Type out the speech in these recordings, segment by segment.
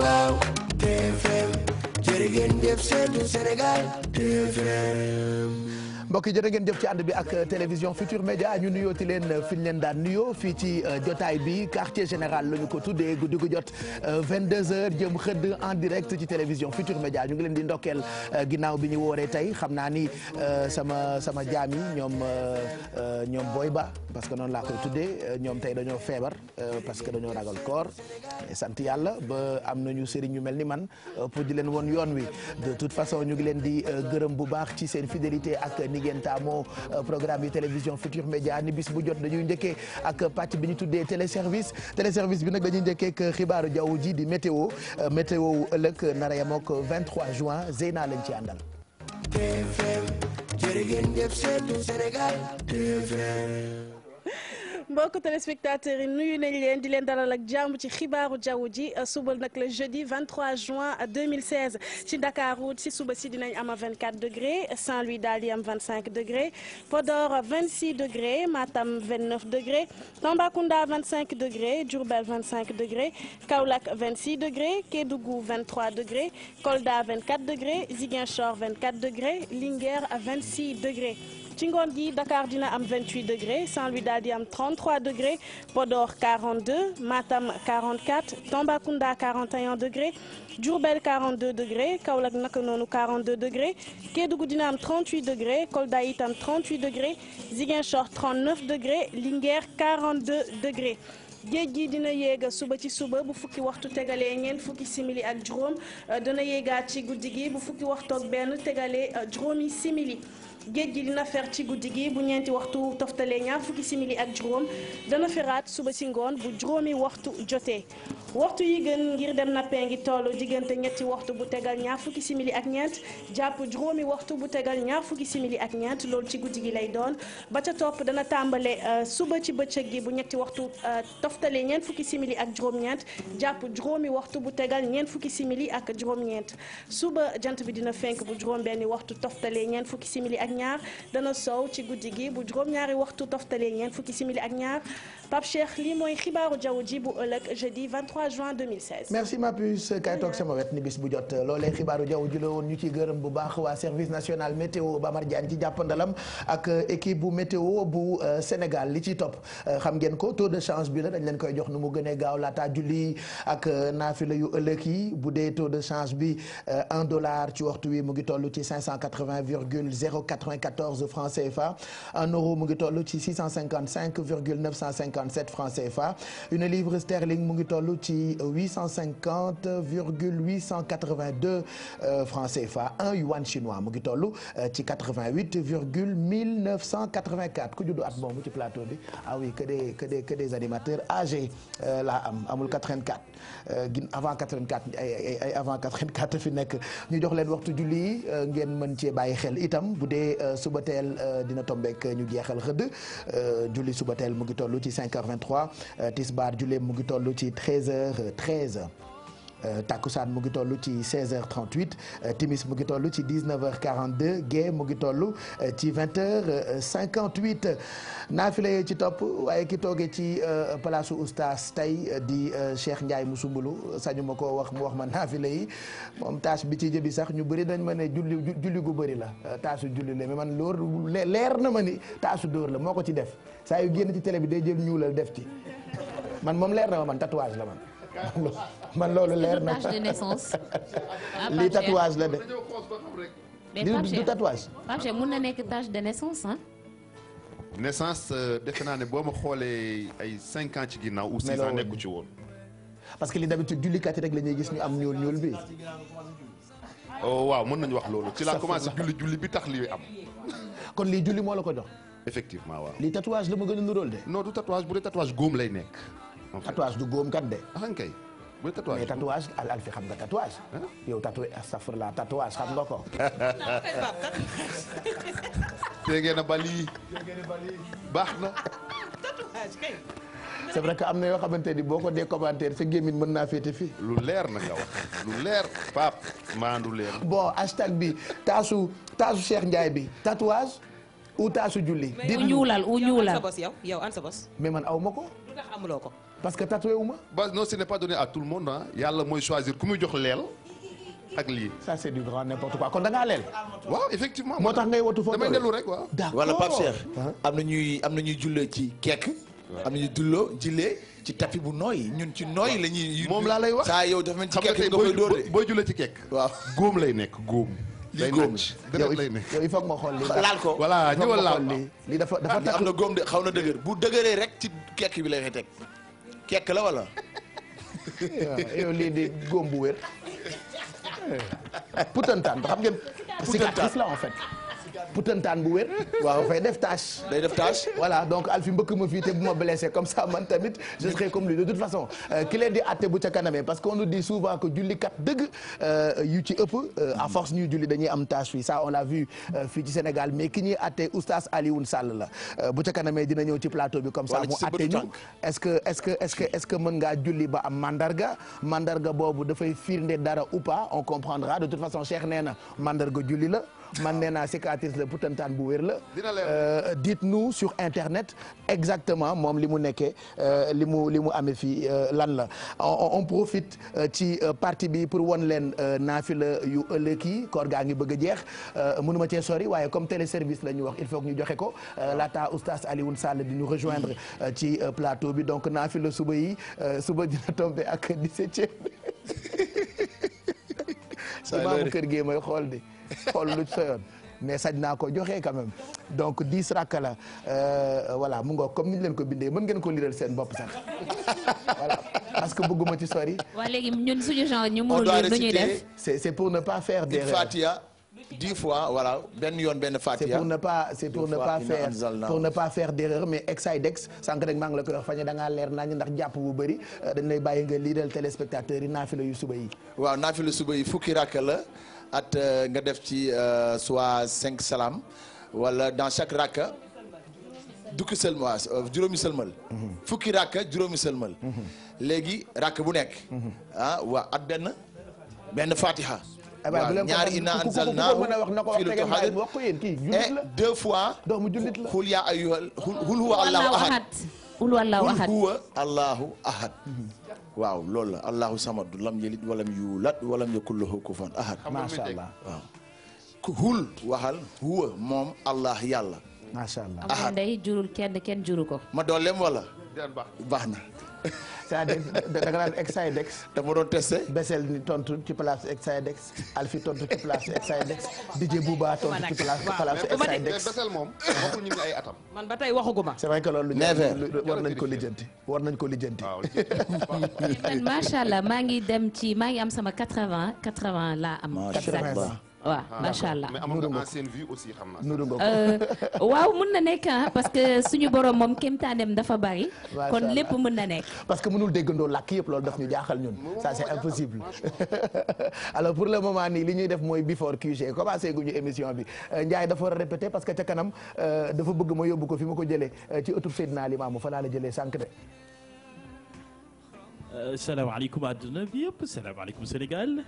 waaw TFM jërëjëf TFC du Sénégal ngeen jëf ci ànd bi ak télévision Futur Média ñu nuyooti leen fi leen daan nuyoo fii ci euh, jotaay bi quartier général la ñu ko tuddee guddi gu jot 22h euh, jëm xëdd en direct ci télévision Futur Média ñu ngi leen di ndokkeel euh, ginnaaw bi ñu wooree tey xam naa ni sama sama jaam yi ñoom ñoom booy ba parce que noonu laa koy tuddee ñoom tey dañoo feebar parce que dañoo ragal koor sant yàlla ba am nañu sëriñ ñu mel ni man pour di leen woon yoon wi de toute façon ñu ngi leen di euh, gërëm bu baax ci seen fidélité ak ni ngeen taamoo euh, programme yu télévision Futur Média ni bis bu jot dañuy njëkkee ak pàcc bi ñu tuddee téléservice téléservice bi nag dañuy njëkkee ak xibaaru jaww ji di météo euh, météo wu ëllëg nara yam ak 23 juin Zeyna lañ ci àndal. TFM jërëjëf seetu Sénégal TFM. mbokk téléspectateurs yi nuyu nañ leen di leen dalal ak jàmm ci xibaaru jaww ji euh, suba nag le jeudi 23 juin 2016 ci Ndakaaru ci suba si dinañ am 24 degré Saint-Louis daal di am 25 degré Podor 26 degré Matam 29 degré Tambacounda 25 degré Diourbel 25 degré Kaolack 26 degré Kédougou 23 degré Kolda 24 degré Ziguinchor 24 degré Linguère 26 degré. ci ngoon gi Dakar dina am 28 degré Saint-Louis daal di am 33 degré Podor 42 Matam 44 Tambacounda 41 degré Diourbel 42 degré Kaolack naka noonu 42 degré Kédougou dina am 38 degré Kolda itam 38 degré Ziguinchor 39 degré Linguère 42 degré. géej gi dina yéega suba ci suba bu fukki waxtu tegalee ñeent fukki simili ak juróom dina yéegaat ci guddi gi bu fukki waxtu ak benn tegalee juróomi simili. géej gi dina fer ci guddi gi bu ñeenti waxtu toftalee ñaar fukki simili ak juróom dana feraat suba si ngoon bu juróomi waxtu jotee waxtu yi gën ngir dem nappee ngi toll diggante ñetti waxtu bu tegal ñaar fukki simili ak ñeent jàpp juróomi waxtu bu tegal ñaar fukki simili ak ñeent loolu ci guddi gi lay doon ba ca topp dana tàmbale euh, suba ci bëccëg gi bu ñetti waxtu euh, toftalee ñeent fukki simili ak juróom-ñeent jàpp juróomi waxtu bu tegal ñeent fukki simili ak juróom suba jant bi dina fenk bu juróom benni waxtu toftalee ñeent fukki simili ak ak ñaar dana sow ci guddi gi bu juróom-ñaari waxtu toftalee ñeent fukki simili ak ñaar Pape Cheikh lii mooy xibaaru jaww ji bu ëllëg jeudi 23 juin 2016. merci ma puce kay toog sama wet ni bis bu jot loolee xibaaru jaww ji la woon ñu ciy gërëm bu baax waa service national météo Bamar Diagne ci jàppandalam ak euh, équipe bu météo bu euh, Sénégal li ci topp euh, xam ngeen ko taux de change bi la dañ leen koy jox nu mu gënee gaaw laataa julli ak naafila yu ëllëg yi bu dee taux de change bi 1 dollar ci waxtu wi mu ngi toll ci 580 virgule 094 francs CFA 1 euro mu ngi toll ci 655 virgule 950 57 francs CFA une livre sterling mu ngi toll ci 850 fa 882 francs CFA un yuan chinois mu ngi toll euh, ci 88 virgule 1984 ku juddu at moomu ci plateau bi ah oui que des que des que euh, am amul 84 euh, gin avant 84 ay ay avant 84 fi nekk ñu jox leen waxtu julli yi ngeen mën cee bàyyi xel itam bu dee suba teel dina tombeek ñu jeexal xëdd julli suba mu ngi toll ci 5h23 Tisbaar julleem mu ngi toll ci 13h13. Euh, takkusaan mu ngi toll ci 16h38 euh, timis mu ngi toll ci 19h42 gue mu ngi toll euh, ci 20h58 naafila yee ci topp waaye ki toogee ci palaasu oustaz tey di Cheikh Ndiaye mu sumbulu sañu ma koo wax mu wax ma naafila yi moom tâche bi ci jëbi sax ñu bëri dañ ma ne julli julli gu bëri la taasu julli la mais man loor leer na ma ni taasu dóor la moo ko ci def saa yu génn ci tele bi day jël ñuulal def ci man moom leer na ma man tatouage la man man loolu leer na de naissance. Ah, lii tatouage la de. du tatouage. Pape Cheikh mun na nekk tâche de naissance ah. naissance euh, defe naa ne boo ma xoolee ay cinq ans ci ginnaaw. ou six ans nekku ci woon. parce que li d'habitude jullikat yi rek la ñuy gis ñu am ñuul ñuul bi. Oh, waaw mën nañu wax loolu. ci la commencé julli julli bi tax li am. kon lii julli moo la ko jox. effectivement waaw. lii tatouage la ma gën a nuróol de. non du tatouage bu dee tatouage góom lay nekk. tatouage du góom kat de. kay bu tatouage al alfi xam nga tatouage. yow tatouage astafurla tatouage xam nga ko. na bali. baax na. tatouage kay. c'est vrai que am na yoo xamante ni boo ko dee commentaire sa gémmiñ mën naa féete fi lu leer na nga wax lu leer. Pape maandu leer. bon hashtag bi taasu taasu Cheikh Ndiaye bi tatouage ou taasu julli. di ñuulal u ñuulal yow man aw ma parce que tatoué wu ma. ba non ce n'est pas donné à tout le monde ah yàlla mooy choisir ku muy jox leel ak lii. ça c'est du grand n'importe quoi kon da ngaa leel. waaw moo tax ngay watu foofu damay dellu rek waaw. d'accord wala Pape am na ñuy am na ñuy jullee ci kekk. am nañu dulloo jillee ci tapis bu nooy ñun ci nooy la ñuy. moom laa lay wax saa yow dafa mel ci kekk nga koy dóor de booy jullee ci kekk. waaw góom lay nekk góom. lii góom yow il faut ma xool lii laal ko voilà ñëwal lii dafa dafa am na góom de xaw na dëgër bu dëgëree rek ci kekk bi lay teg. kekk la wala. yow lii di góom bu wér. putantaan xam ngeen. putantaan cicatrice la en fait. putantaan bu wér waaw fay def tâche day def tâche voilà donc Alfi mbëkk ma fii te bu ma blessé comme ça man tamit je serai comme lui de toute façon euh, ki leen di atte bu ca kanamee parce qu'on nous dit souvent que jullikat dëgg euh, yu ci ëpp euh, à force ñuy julli dañuy am tâche fii ça on l'a vu fii ci Sénégal mais ki ñuy atte ali Alioune Sall la bu ca kanamee dina ñëw ci plateau bi comme ça mu atte ñu est-ce que est-ce que ce que est-ce que mën ngaa julli ba am mandarga mandarga boobu dafay firnde dara ou pas on comprendra de toute nee na mandarga julli la man nee naa cicatrice la putantaan bu wér la. Euh, dites-nous sur internet exactement moom li mu nekkee euh, li mu li mu amee fii euh, lan la on profite ci partie bi pour won leen la yu ëllëg yi koor gaa ngi bëgg jeex munuma cee sori waaye comme téléservice la ñu wax il faut que ñu joxe ko ah. laata oustaz Alioune Sall di ñu rejoindre ci plateau bi donc naafila suba yi suba dina tombé ak 17e. saa imaamu kër gi mooy xool de. xool lu naa ko joxe quand même donc dix la euh, voilà mu ngoog comme ni ñu leen ko bindee mën ngeen ko liral seen bopp sax voilà que bëgguma ci sori. waa léegi ñun suñu genre ñu mënul pour ne pas faire des fois voilà benn yoon benn fatiha. c'est pour ne pas c'est pour ne pas faire pour ne pas faire mais ex-aidex sànq rek maa ngi la koy wax fañe da ngaa leer nañu ndax jàpp bu bëri euh, dañ lay bàyyi nga liiral téléspectateurs yi naafila yu suba suba yi fukki rakka la. at euh, nga def ci euh, soit cinq salaam wala dans chaque rakka dukki sëlma euh, juróomi sëlmal fukki rakka juróomi sëlmal léegi rakk bu nekk mhm. ah waa at benn benn fatiha eh waaw ñaari inna anzalnaahu fii lu toxadir et deux fois xul yaa ayuhal xul huwa allahu ahad xul huwa allahu ahad waaw loolu la allahu samadu lam yalid walam yuulat walam yakul lahu kufuwan ahad macha allah waaw hul waxal huwa moom allah yàlla macha allah ahad ndey jurul kenn kenn juru ko ma doolem wala capitaine Ba baax na. c'est-à-dire da nga naan Exidex. dama doon testé. Bessel ni tontu ci place Exidex. Alfi tontu ci place Exidex. DJ Bouba tontu ci place place Exidex. mais Bessel moom waxuñu ñu ay atam. man ba tey waxaguma. c'est vrai que loolu. war nañ ko lijjanti war nañ ko lijjanti. man macha allah maa ngi dem ci maa ngi am sama 80 80 laa am. macha allah waaw ah, macha allah mais amoon nga ancienne vie aussi xam naa. Euh, waaw mun na nekk ah parce que suñu borom moom kéemtaaneem dafa bari. kon lépp mën na nekk. parce que mënul déggandoo lakk yëpp loolu daf ñu jaaxal ñun ça c'est impossible. alors pour le moment nii li ñuy def mooy before QG commencé guñu émission bi euh, Ndiaye dafa war a répété parce que ca kanam euh, dafa bëgg ma yóbbu ko fi ma ko jëlee ci ëttub Seydina Limaamu fa laa la jëlee sànq de. salaamaaleykum adduna bi yëpp salaamaaleykum Sénégal.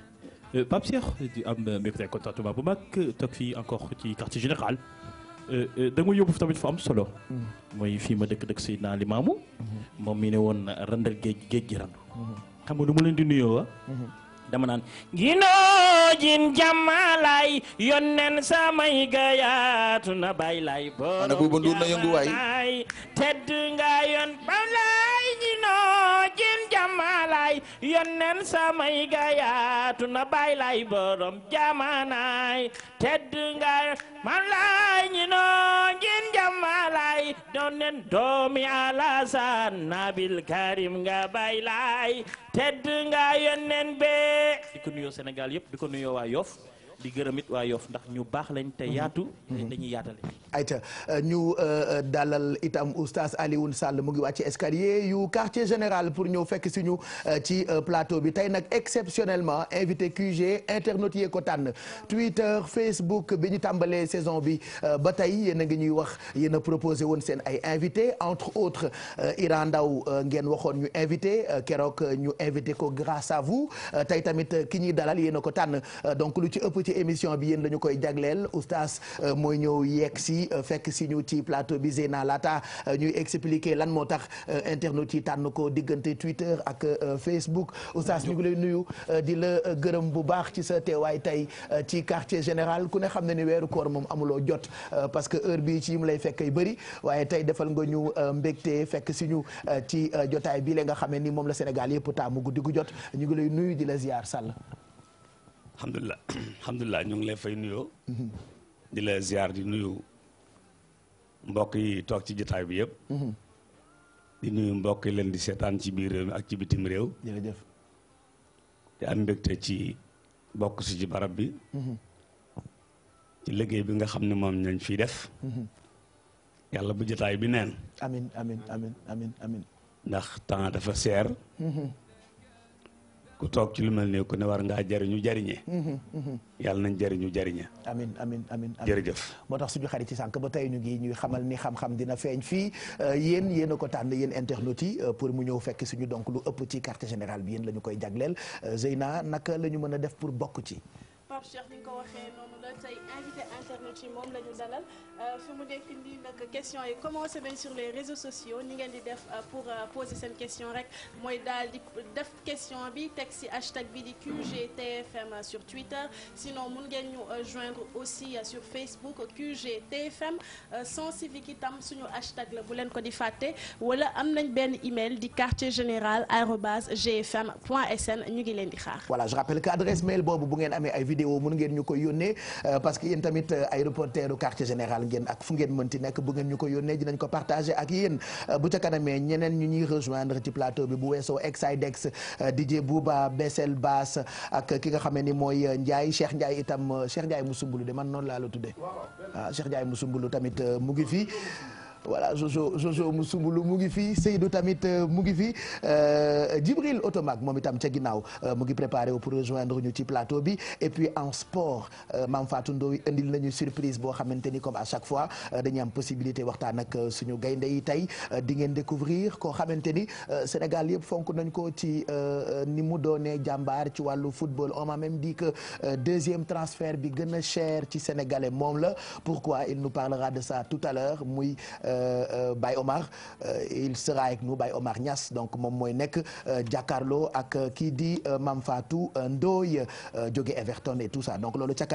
Euh, Pape Cheikh di am mbégte contentement bu mag euh, toog fii encore ci général euh, da nga yóbbu tamit fa am solo. Mm-hmm. mooy fii ma dëkk dëkk Seydina Limaamu. Mm-hmm. moom mi ne woon randal géej géej gi randu. Mm-hmm. xam nga lu ma leen di nuyoo wa ah? dama naan ginoojin jàmmalaay yonnen samay gayaatu na bay lay boo ana buuba nduur na yëngu waay tedd nga yoon ba lay ginoojin lay yónneen samay gaayaatu na bay borom jamanaay tedd nga lay ñi noo ngin jamalay doonen doomi alasan nabil karim nga bay lay tedd nga yónneen di ko nuyoo Sénégal yëpp di ko nuyoo waa Yoff di gërëm it waa Yoff ndax ñu baax lañ te mhm. yaatu mhm. dañuy yaatale ayta euh, ñu euh, dalal itam oustaz Alioune Sall mu ngi wàcc escalier yu quartier général pour ñëw fekk si ñu euh, ci plateau bi tey nag exceptionnellement invité QG internautes yee ko tànn Twitter Facebook bi ñu tàmbalee saison bi ba tey yéen a ngi ñuy wax yéen a proposé woon seen ay invité entre autres Iran Ndaw ngeen waxoon ñu invité keroog ñu invité ko grâce à vous tey tamit ki ñuy dalal yéen ko tànn ci émission bi yéen lañu koy jagleel oustaz euh, mooy ñëw yeeg si euh, fekk si ñu ci plateau bi Zeyna laata euh, ñuy expliquer lan moo tax internet yi tànn ko diggante Twitter ak Facebook oustaz ñu ngi lay nuyu di la gërëm bu baax ci sa teewaay tey ci quartier général ku ne xam ne ni weeru koor moom amuloo jot parce que heure bi ci yim lay fekk ay bëri waaye tey defal nga ñu mbégte fekk si ñu ci jotaay bii la nga xamee ni moom la Sénégal yëpp taamu guddi gu jot ñu ngi lay nuyu di la ziar Sall alhamdulilah alhamdulilah ñu ngi lay fay nuyoo. Mm-hmm. di la ziar di nuyu mbokk yi toog ci jotaay bi yëpp. Mm-hmm. di nuyu mbokk yi leen di seetaan ci biir réew mi ak ci bitim réew. jërëjëf. di am mbégte ci bokk si ci barab bi. Mm-hmm. ci liggéey bi nga xam ne moom ñooñ fiy def. yàlla bu jotaay bi neen. amin ndax temps dafa seer. ku toog ci lu mel ne ku ne war ngaa jariñu jariñe mhm, mhm. yàlla nañ jariñu jariñe amin amin amin jërëjëf moo tax suñu xarit ci sànq ba tey ñu ngi ñuy xamal ni xam-xam dina feeñ fii euh, yéen yéen a ko tànn yéen internautes yi euh, pour mu ñëw fekk suñu donc lu ëpp ci quartier général bi yéen la ñu koy jagleel euh, Zeyna naka la ñu mën a def pour bokk ci moom la dalal fi euh, mu nekk nii nag question yi commencé nañ sur les réseaux sociaux ni ngeen di def euh, pour euh, poser seen question rek mooy daal di def question bi teg si hashtag bi di QGTFM sur Twitter sinon mun ngeen ñu joindre aussi sur Facebook QGTFM sans civique itam suñu hashtag la bu leen ko di fàtte wala am nañ benn email di quartier général arobase gfm point sn ñu ngi leen di xaar. voilà je rappelle boobu bu ngeen amee ay vidéo mun ngeen ñu koy yónnee parce que yéen tamit ay reporteru quartier général. ngeen ak fu ngeen mënti nekk bu ngeen ñu ko yónnee dinañ ko partagé ak yéen euh, bu ca kanamee ñeneen ñu ñuy rejoindre ci plateau bi bu weesoo Exidex euh, DJ Bouba Bessel Bass ak ki nga xamee ni mooy euh, Ndiaye Cheikh Ndiaye itam Cheikh mu Musumbulu de man noonu laa la tuddee waaw ah, Cheikh Ndiaye tamit mu ngi fi. voilà Jojo mu Musumbulu mu ngi fi Seydou tamit euh, mu ngi fi euh, Djibril otomaak moom itam ca ginnaaw euh, mu ngi préparé wu pour rejoindre ñu ci plateau bi et puis en sport mam Fatou Ndoye indil nañu surprise boo xamante ni comme à chaque fois dañuy am possibilité waxtaan ak suñu gaynde yi tey di ngeen découvrir koo xamante ni Sénégal yëpp fonk nañ ko ci ni mu doonee jàmbaar ci wàllu football on m'a même dit que deuxième bi gën a cher ci sénégalais moom la pourquoi il nous parlera de ça tout à l'heure muy Euh, euh, Baye Omar euh, il sera avec nous Baye Omar Niass donc moom mooy nekk jàkkaarloo ak kii di Mame Fatou Ndoye jóge Everton et tout ça donc loolu ca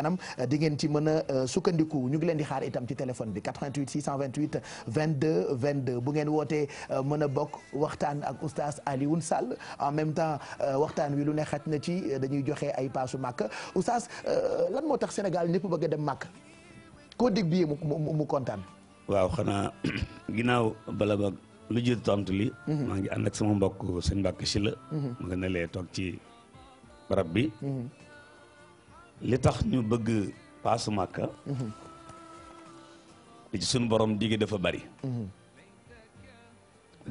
di ngeen ci mën a sukkandiku ñu ngi leen di xaar itam ci téléphone bi 88 628 22 22 bu ngeen wootee mën a bokk waxtaan ak oustaz Alioune Sall en même temps waxtaan wi lu ne xaj na ci dañuy joxe ay paasu màkk oustaz lan moo tax Sénégal ñëpp bëgg a dem màkk koo dégg bi mu mu kontaan. waaw xanaa ginnaaw bala ba lu jiitu tontu li. Mhm. maa ngi ànd ak sama mbokk sëñ Mbàkke sila mhm. mu nga ne lee toog ci barab bi. Mhm. li tax ñu bëgg paasu Màkka. li ci suñu borom digge dafa bari.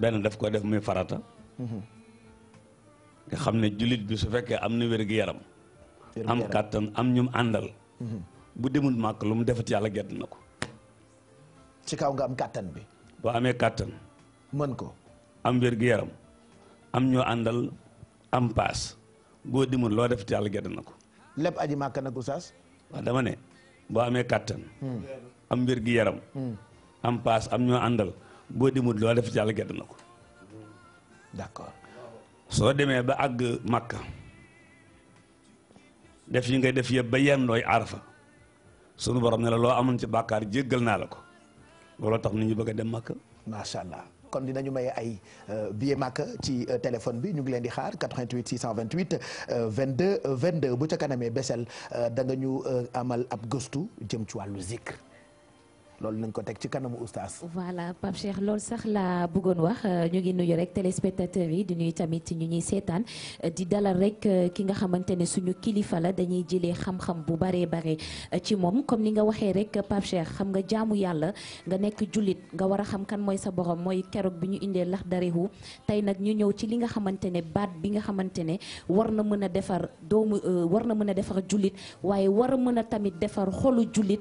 benn daf ko def muy farata. nga xam ne jullit bi su fekkee am na wér-gu-yaram. am kàttan am ñum àndal. bu demul màkk lu mu defati yàlla gedd na ko. ci kaw nga am kàttan bi boo amee kàttan mën ko am wér-gu-yaram am ñoo àndal am paas góor loo def ci yàlla gedd na ko lépp aji màkk nag oustaz dama ne boo amee kàttan hmm. am wér yaram hmm. am paas am ñoo àndal boo di loo def ci yàlla gedd na ko d'accord soo demee ba àgg màkka def yi ngay def yëpp ba yem looy arafa sunu borom ne la loo amoon ci bàkkaar jéggal naa la ko looloo tax nit ñi bëgg a dem Makka. macha allah kon dinañu may ay euh, billet Makka ci euh, téléphone bi ñu ngi leen di xaar 88 628 22 22 bu ca kanamee Bessél euh, da nga ñu amal ab gostu jëm ci wàllu zikr. loolu nañ ko teg ci kanamu oustaz. voilà Pape Cheikh lool sax la bëggoon wax euh, ñu ngi nuyu rek téléspectateurs yi di nuyu tamit ñu ñuy seetaan euh, di dalal rek euh, ki nga xamante ne suñu kilifa la dañuy jëlee xam-xam bu baree bare ci moom comme ni nga waxee rek Pape Cheikh xam nga jaamu yàlla nga nekk julit nga war a xam kan mooy sa borom mooy keroog bi ñu indee lax darehu tey nag ñu ñëw ci li nga xamante ne baat bi nga xamante ne war na mën a defar doomu war na mën a defar jullit waaye war mën a tamit defar xolu jullit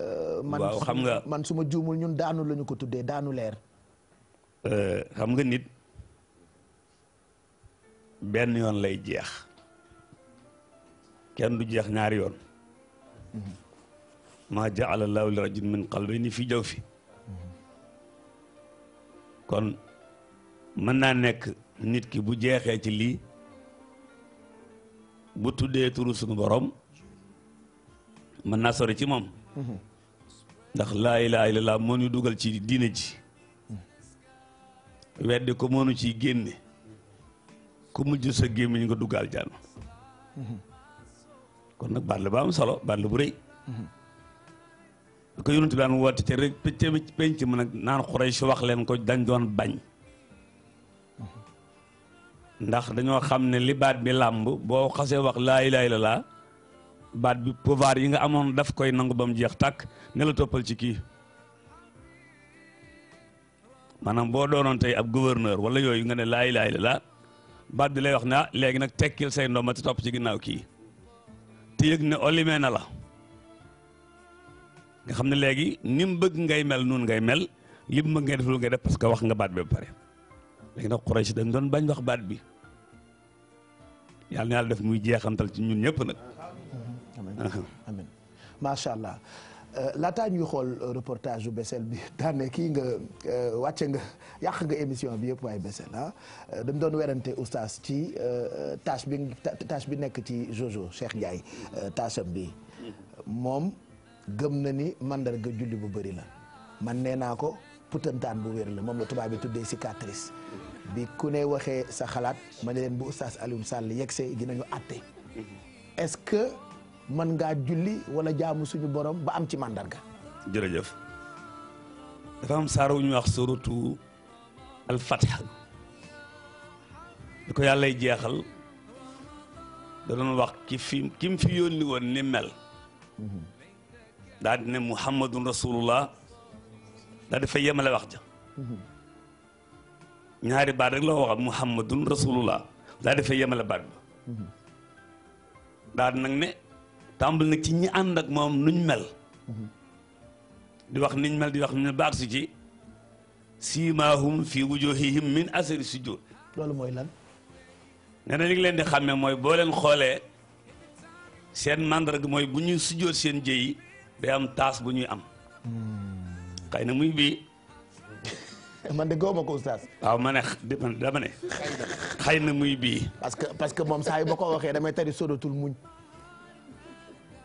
Euh, man waaw xam nga man suma ma juumul ñun daanu la ko tuddee daanu leer. Euh, xam nga nit benn yoon lay jeex kenn du jeex ñaari yoon. Mm-hmm. ma jaala llaahu li rajulin min qalbayni fii jawfi mm-hmm. kon mën naa nekk nit ki bu jeexee ci lii bu tuddee turu sunu borom mën naa sori ci moom. ndax laay ilaaha illallaah moo yu dugal ci diine ji weddi ko moo ñu ciy génne ku mujj sa gémmiñ nga dugg aljaana kon nag baat la ba am solo baat la bu rëy ko yonent bi daan woote te rek penc ma nag naan Quraysh wax leen ko dañ doon bañ ndax dañoo xam ne libaat bi làmb boo xasee wax laa ilaaha illallaah baat bi pouvoir yi nga amoon daf koy nangu ba mu jeex tàkk ne toppal ci kii maanaam boo doonoon tey ab gouverneur wala yooyu nga ne laay laay la laa baat bi lay wax ne ah, léegi nag tekkil say ndomba te topp ci ginnaaw kii te yëg ne olimee na la nga xam ne léegi ni mu bëgg ngay mel nun ngay mel li mu bëgg ngay def lu ngay def parce que wax nga baat bi ba pare léegi nag Quraysh dañ doon bañ wax baat bi yàlla na yàlla def muy jeexantal ci ñun ñëpp nag amin macha allah euh, laataa yu xool euh, reportage bu Bessél bi daane kii nga euh, wàcce nga yàq nga émission bi yëpp waaye Bessél ah dañ doon werante oustaz ci tâche bi tâche bi nekk ci Jojo Cheikh Ndiaye tâcham bi moom gëm na ni mandarga julli bu bëri la man nee naa ko putantaan bu wér la moom la tubaab bi tuddee cicatrice bi ku ne waxee sa xalaat ma ne leen bu oustaz Alioune Sall yegsee dinañu àtte est mën ngaa julli wala jaamu suñu borom ba am ci màndarga. jërëjëf dafa am saar wu ñuy wax suratu al-Fatiha di ko yàllay jeexal da doon wax ki fi kim mu fi yónni woon ni mel daa di ne muhammadun rasulullah daa di fa yemale wax ja ñaari baat rek la waxal muhammadun rasulullah daa di fa yemale baat ba tàmbali nag ci ñi ànd ak moom nuñ mel mhm. di wax niñ mel di wax ñu baax si ci siimaahum fi wujuhihim min asari sujud loolu mooy lan nee li leen di xàmmee mooy boo leen xoolee seen màndarga mooy bu ñuy sujjoot seen jëyi day am taas bu ñuy am hmm. xëy na muy bii man de góob ma ko oustaz. waaw ma ne dama ne. xëy na muy bii. parce que moom saa yu ko waxee damay tari sodotul muñ.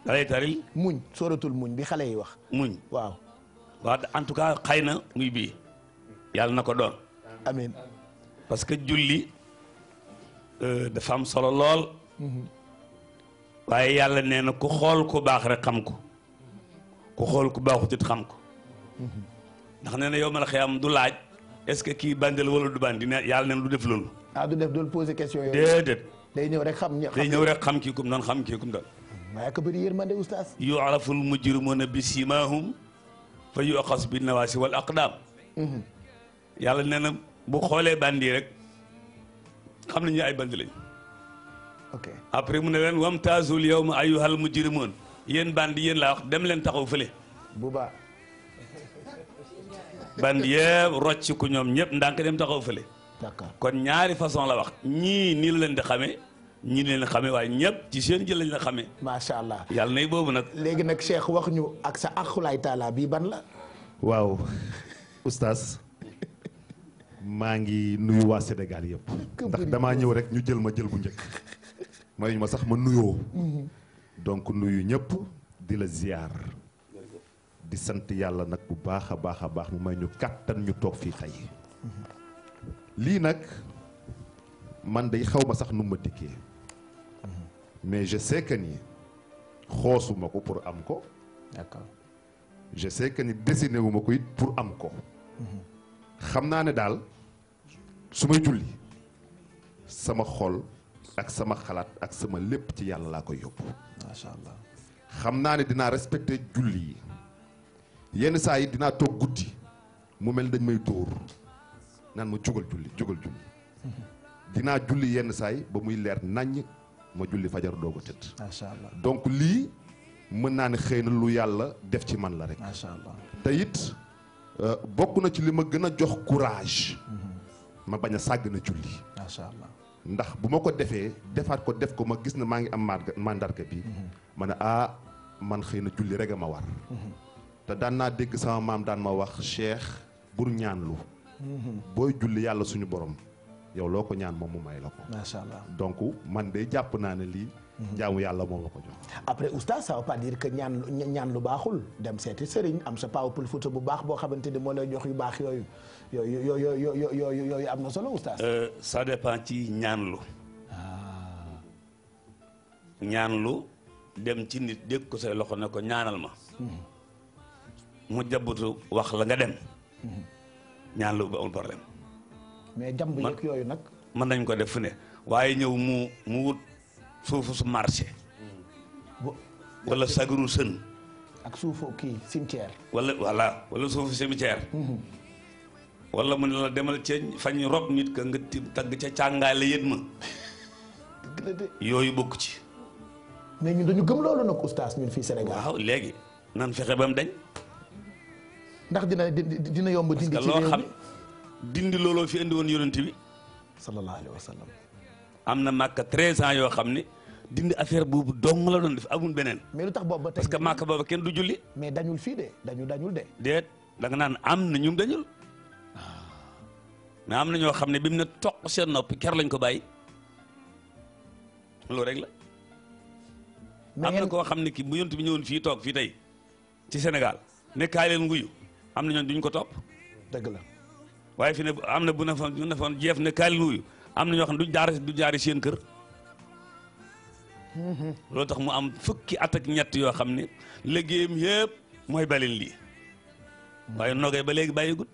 dalay taril muñ sóoratul muñ bi xale yi wax. muñ waaw. waaw en tout cas xay na muy bii yàlla na ko doon. amiin parce que julli euh, dafa am solo lool. Mhm. waaye yàlla nee na ku xool ku baax rek xam ko ku xool ku baaxut it xam ko. Mhm. ndax nee na yow ma la xiyam du laaj est-ce que kii bandi la wala du bandi ne yàlla neen du def loolu. ah du def doon poser question yooyu. déedéet. day ñëw rek xam ña day ñëw rek xam kii kum doon xam kii kum doon. maa ko bëri yërmande oustaz. yu'rafu al-mujrimuuna bi siimaahum fa yu'xazu bin nawaasi wal aqdaam. Mhm. yàlla nee na bu xoolee bandi rek xam nañu ay bandi lañ. ok après mu ne leen wamtaazul yawma ayyuhal mujrimuun yéen bandi yéen laa wax dem leen taxaw fële. bu baax. bandi yëpp rocc ku ñoom ñëpp ndànk dem taxaw fële. d'accord kon ñaari façon la wax ñii nii leen di xamee. ñi leen xame waaye ñëpp ci seen jël lañ la xamee. macha allah yàlla boobu nag. léegi nag seex wax ñu ak sa axulaay taala bii ban la. waaw oustaz maa ngi nuyu waa Sénégal yëpp. ndax damaa ñëw rek ñu jël ma jël bu njëkk. mayuñu ma sax ma nuyoo. Mhm. donc nuyu ñëpp di la ziar. di sant yàlla nag bu baax a baax a baax mu may ñu kàttan ñu toog fii tey. Mhm. lii nag man de xaw ma sax nu ma dikkee. mais je sais que ni xoosuma ko pour am ko. d'accord je sais que ni dessiné wu ma ko it pour am ko. xam naa ne daal su may julli sama xol ak sama xalaat ak sama lépp ci yàlla laa koy yóbbu. macha allah xam naa ne dinaa respecté julli yi yenn saa yi dinaa toog guddi mu mel dañ may dóor naan ma jugal julli jugal julli. Mhm. dinaa julli yenn saa yi ba muy leer naññ. ma julli fajar doog a tëdd. macha allah donc lii mën naa ne xëy na lu yàlla def ci man la rek. macha allah te it euh, bokk na ci li ma gën a jox courage. Mm-hmm. ma bañ a sàgg na julli. ndax bu ma ko defee defaat ko def ko ma gis na maa ngi am mandarga bi. Mm-hmm. ma ne ah man xëy na julli rek a ma war. Mm-hmm. te daan naa dégg sama maam daan ma wax cheikh bur ñaanlu. booy julli yàlla suñu borom. yow loo ko ñaan moom mu may la ko. macha allah donc man de jàpp naa ne lii. jaamu yàlla moom la ko après oustaz ça veut pas dire que ñaan ñaan lu baaxul dem seeti sëriñ am sa paaw pël Fuuta bu baax boo xamante ni moo lay jox yu baax yooyu yooyu yooyu yooyu am na solo oustaz. Euh, ça dépend ci ñaan lu. Ah. ñaan lu dem ci nit dégg ko say loxo ne ko ñaanal ma. Hmm. mu jabutu wax la nga dem. Hmm. ñaan lu amul problème. mais jamb yeeg yooyu nag. mën nañ ko def fu ne waaye ñëw mu mu wut suufu su marché. wala ak suufu kii cimetière. wala voilà wala suufu cimetière. Mhm. wala mu ne la demal ca fañ rob nit ka nga tagg ca la yët ma. yooyu bokk ci. mais ñun dañu gëm loolu nag oustaz ñun fii Sénégal. waaw léegi nan fexe ba mu dañ. ndax dina dina yomb dindi ci réew mi dindi looloo fi indi woon yonent bi sallallahu alayhi am na màkka treize ans yoo xam ni dindi affaire boobu dong la doon def amul beneen mais lu tax boobu ba tey parce que màkka booba kenn du julli mais dañul fii de dañu dañul de déet da nga naan am na ñum dañul mais am na ñoo xam ne bi na ne toq seen noppi ker lañ ko bàyyi loolu rek am na ko xam ne ki bu yonent bi ñëwoon fii toog fii tey ci Sénégal nekkaay leen nguyu am na ñoon duñ ko topp dëgg la waaye fi ne am na bu ne fa bu ne fa jeef ne kaay am na ñoo xam ne du jaar seen kër. loolu tax mu am fukki at ñett yoo xam ne liggéeyam yëpp mooy balin lii. waaye nogay ba léegi bàyyigul.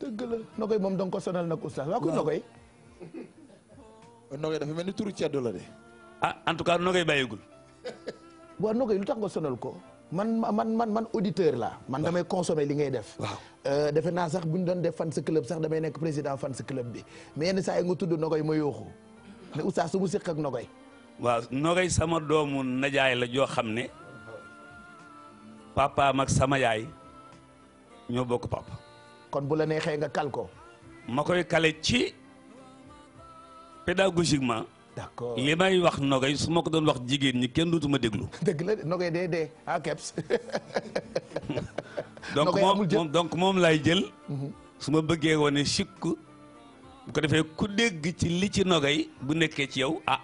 dëgg la nogay moom da ko sonal nag oustaz waa ko nogay. nogay dafa mel ni turu ceddo la de. Ah, en tout cas nogay bàyyigul. waaw nogay lu tax nga sonal ko man man man man auditeur laa man damay consommer li ngay def. waaw Euh, defe naa sax bu ñu doon def fan sa club sax damay nekk président fan sa club bi mais yenn saa yi nga tudd Nogoy ma yooxu ne oustaz su mu séq ak Nogoy waaw Nogoy sama doomu najaay la joo xam ne papaam ak sama yaay ñoo bokk papa kon bu la neexee nga kal ko ma koy kale ci pédagogiquement d'accord li may wax nogay su ma ko doon wax jigéen ñi kenn dootuma déglu. dëgg la nogay dee dee ah keps. donc moom donc moom laay jël. Mhm. su ma bëggee woon ne sikk bu ko defee ku dégg ci li ci nogay bu nekkee ci yow ah.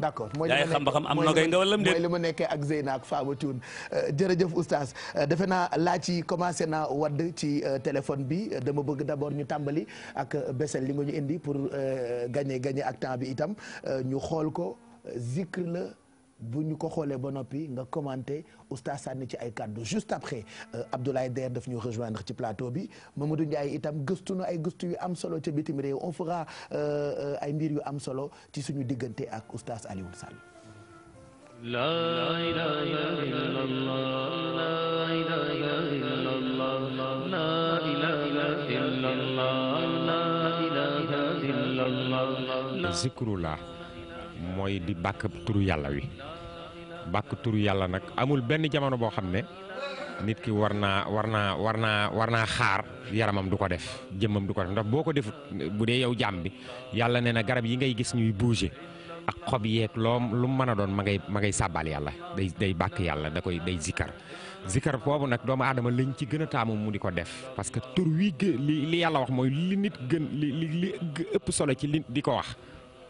d' accord mooy li xam am na nga wala mu mooy ma nekkee ak Zeyna ak Fama Thioune euh, jërëjëf oustaz euh, defe naa laa ci commencé naa wadd ci euh, téléphone bi dama bëgg d' abord ñu tàmbali ak besel li nga ñu indi pour gagner gagner ak temps bi itam ñu xool ko zikr la. bu ñu ko xoolee ba noppi nga commenté oustaz sànni ci ay kàddu juste après euh, Abdoulaye Der daf ñu rejoindre ci plateau bi Mamadou ay itam gëstu na ay gëstu yu am solo ci bitim réew on fera euh, ay mbir yu am solo ci suñu diggante ak oustaz Alioune Sall. La ilaha illallah, la ilaha illallah, la ilaha illallah, la ilaha illallah. zikrullah mooy di bàkk turu yàlla wi. bàkk turu yàlla nag amul benn jamono boo xam ne nit ki war naa war naa war naa war naa xaar yaramam du ko def jëmmam du ko def ndax boo ko defut bu dee yow jàmm bi yàlla nee na garab yi ngay gis ñuy bouger ak xob yeeg loom lu mu mën a doon ma ngay ma ngay sàbbal yàlla day day bàkk yàlla da koy day zikkar zikkar boobu nag doomu aadama lañ ci gën a taamu mu di ko def parce que tur wi li yàlla wax mooy li nit gën li li ëpp solo ci li di ko wax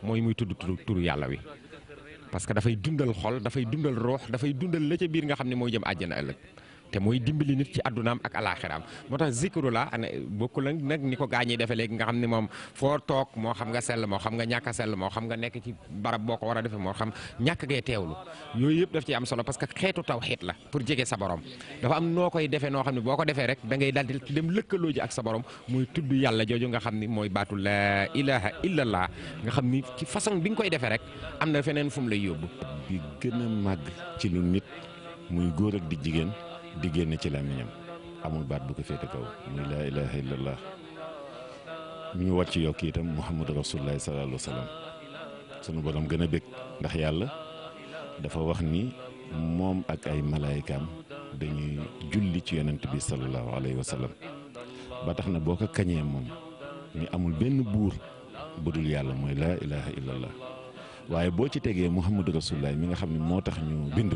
mooy muy tudd tur yàlla wi parce que dafay dundal xol dafay dundal ruux dafay dundal la biir nga xam ne mooy jëm àjjana ëllëg te mooy dimbali nit ci addunaam ak alaxiraam moo tax zikrullah la bokkul ak nag ni ko gaa ñi defee léegi nga xam ne moom foo toog moo xam nga sell moo xam nga ñàkk a sell moo xam nga nekk ci barab boo ko war a defee moo xam ñàkk ngay teewlu yooyu yëpp daf ci am solo parce que xeetu taw tawhid la pour jege sa borom dafa am noo koy defee noo xam ne boo ko defee rek da ngay daal di dem lëkkaloo ji ak sa borom muy tudd yàlla jooju nga xam ni mooy baatu la ilaha illallah nga xam ni ci façon bi nga koy defee rek am na feneen fu lay yóbbu bi màgg ci lu nit muy góor di jigéen di génn ci làmmiñam amul baat bu ko féete kaw muy laa ilaha illallah ñu wot ci yokk itam muhammadu rasulullahi sallallahu alayhi wa sunu borom gën a bég ndax yàlla dafa wax ni moom ak ay malaaykaam dañuy julli ci yonent bi sallallahu alayhi wa ba tax na boo ko kañee moom ni amul benn buur budul yàlla mooy laa ilaha illallah waaye boo ci tegee muhammadu rasulullahi mi nga xam ni moo tax ñu bind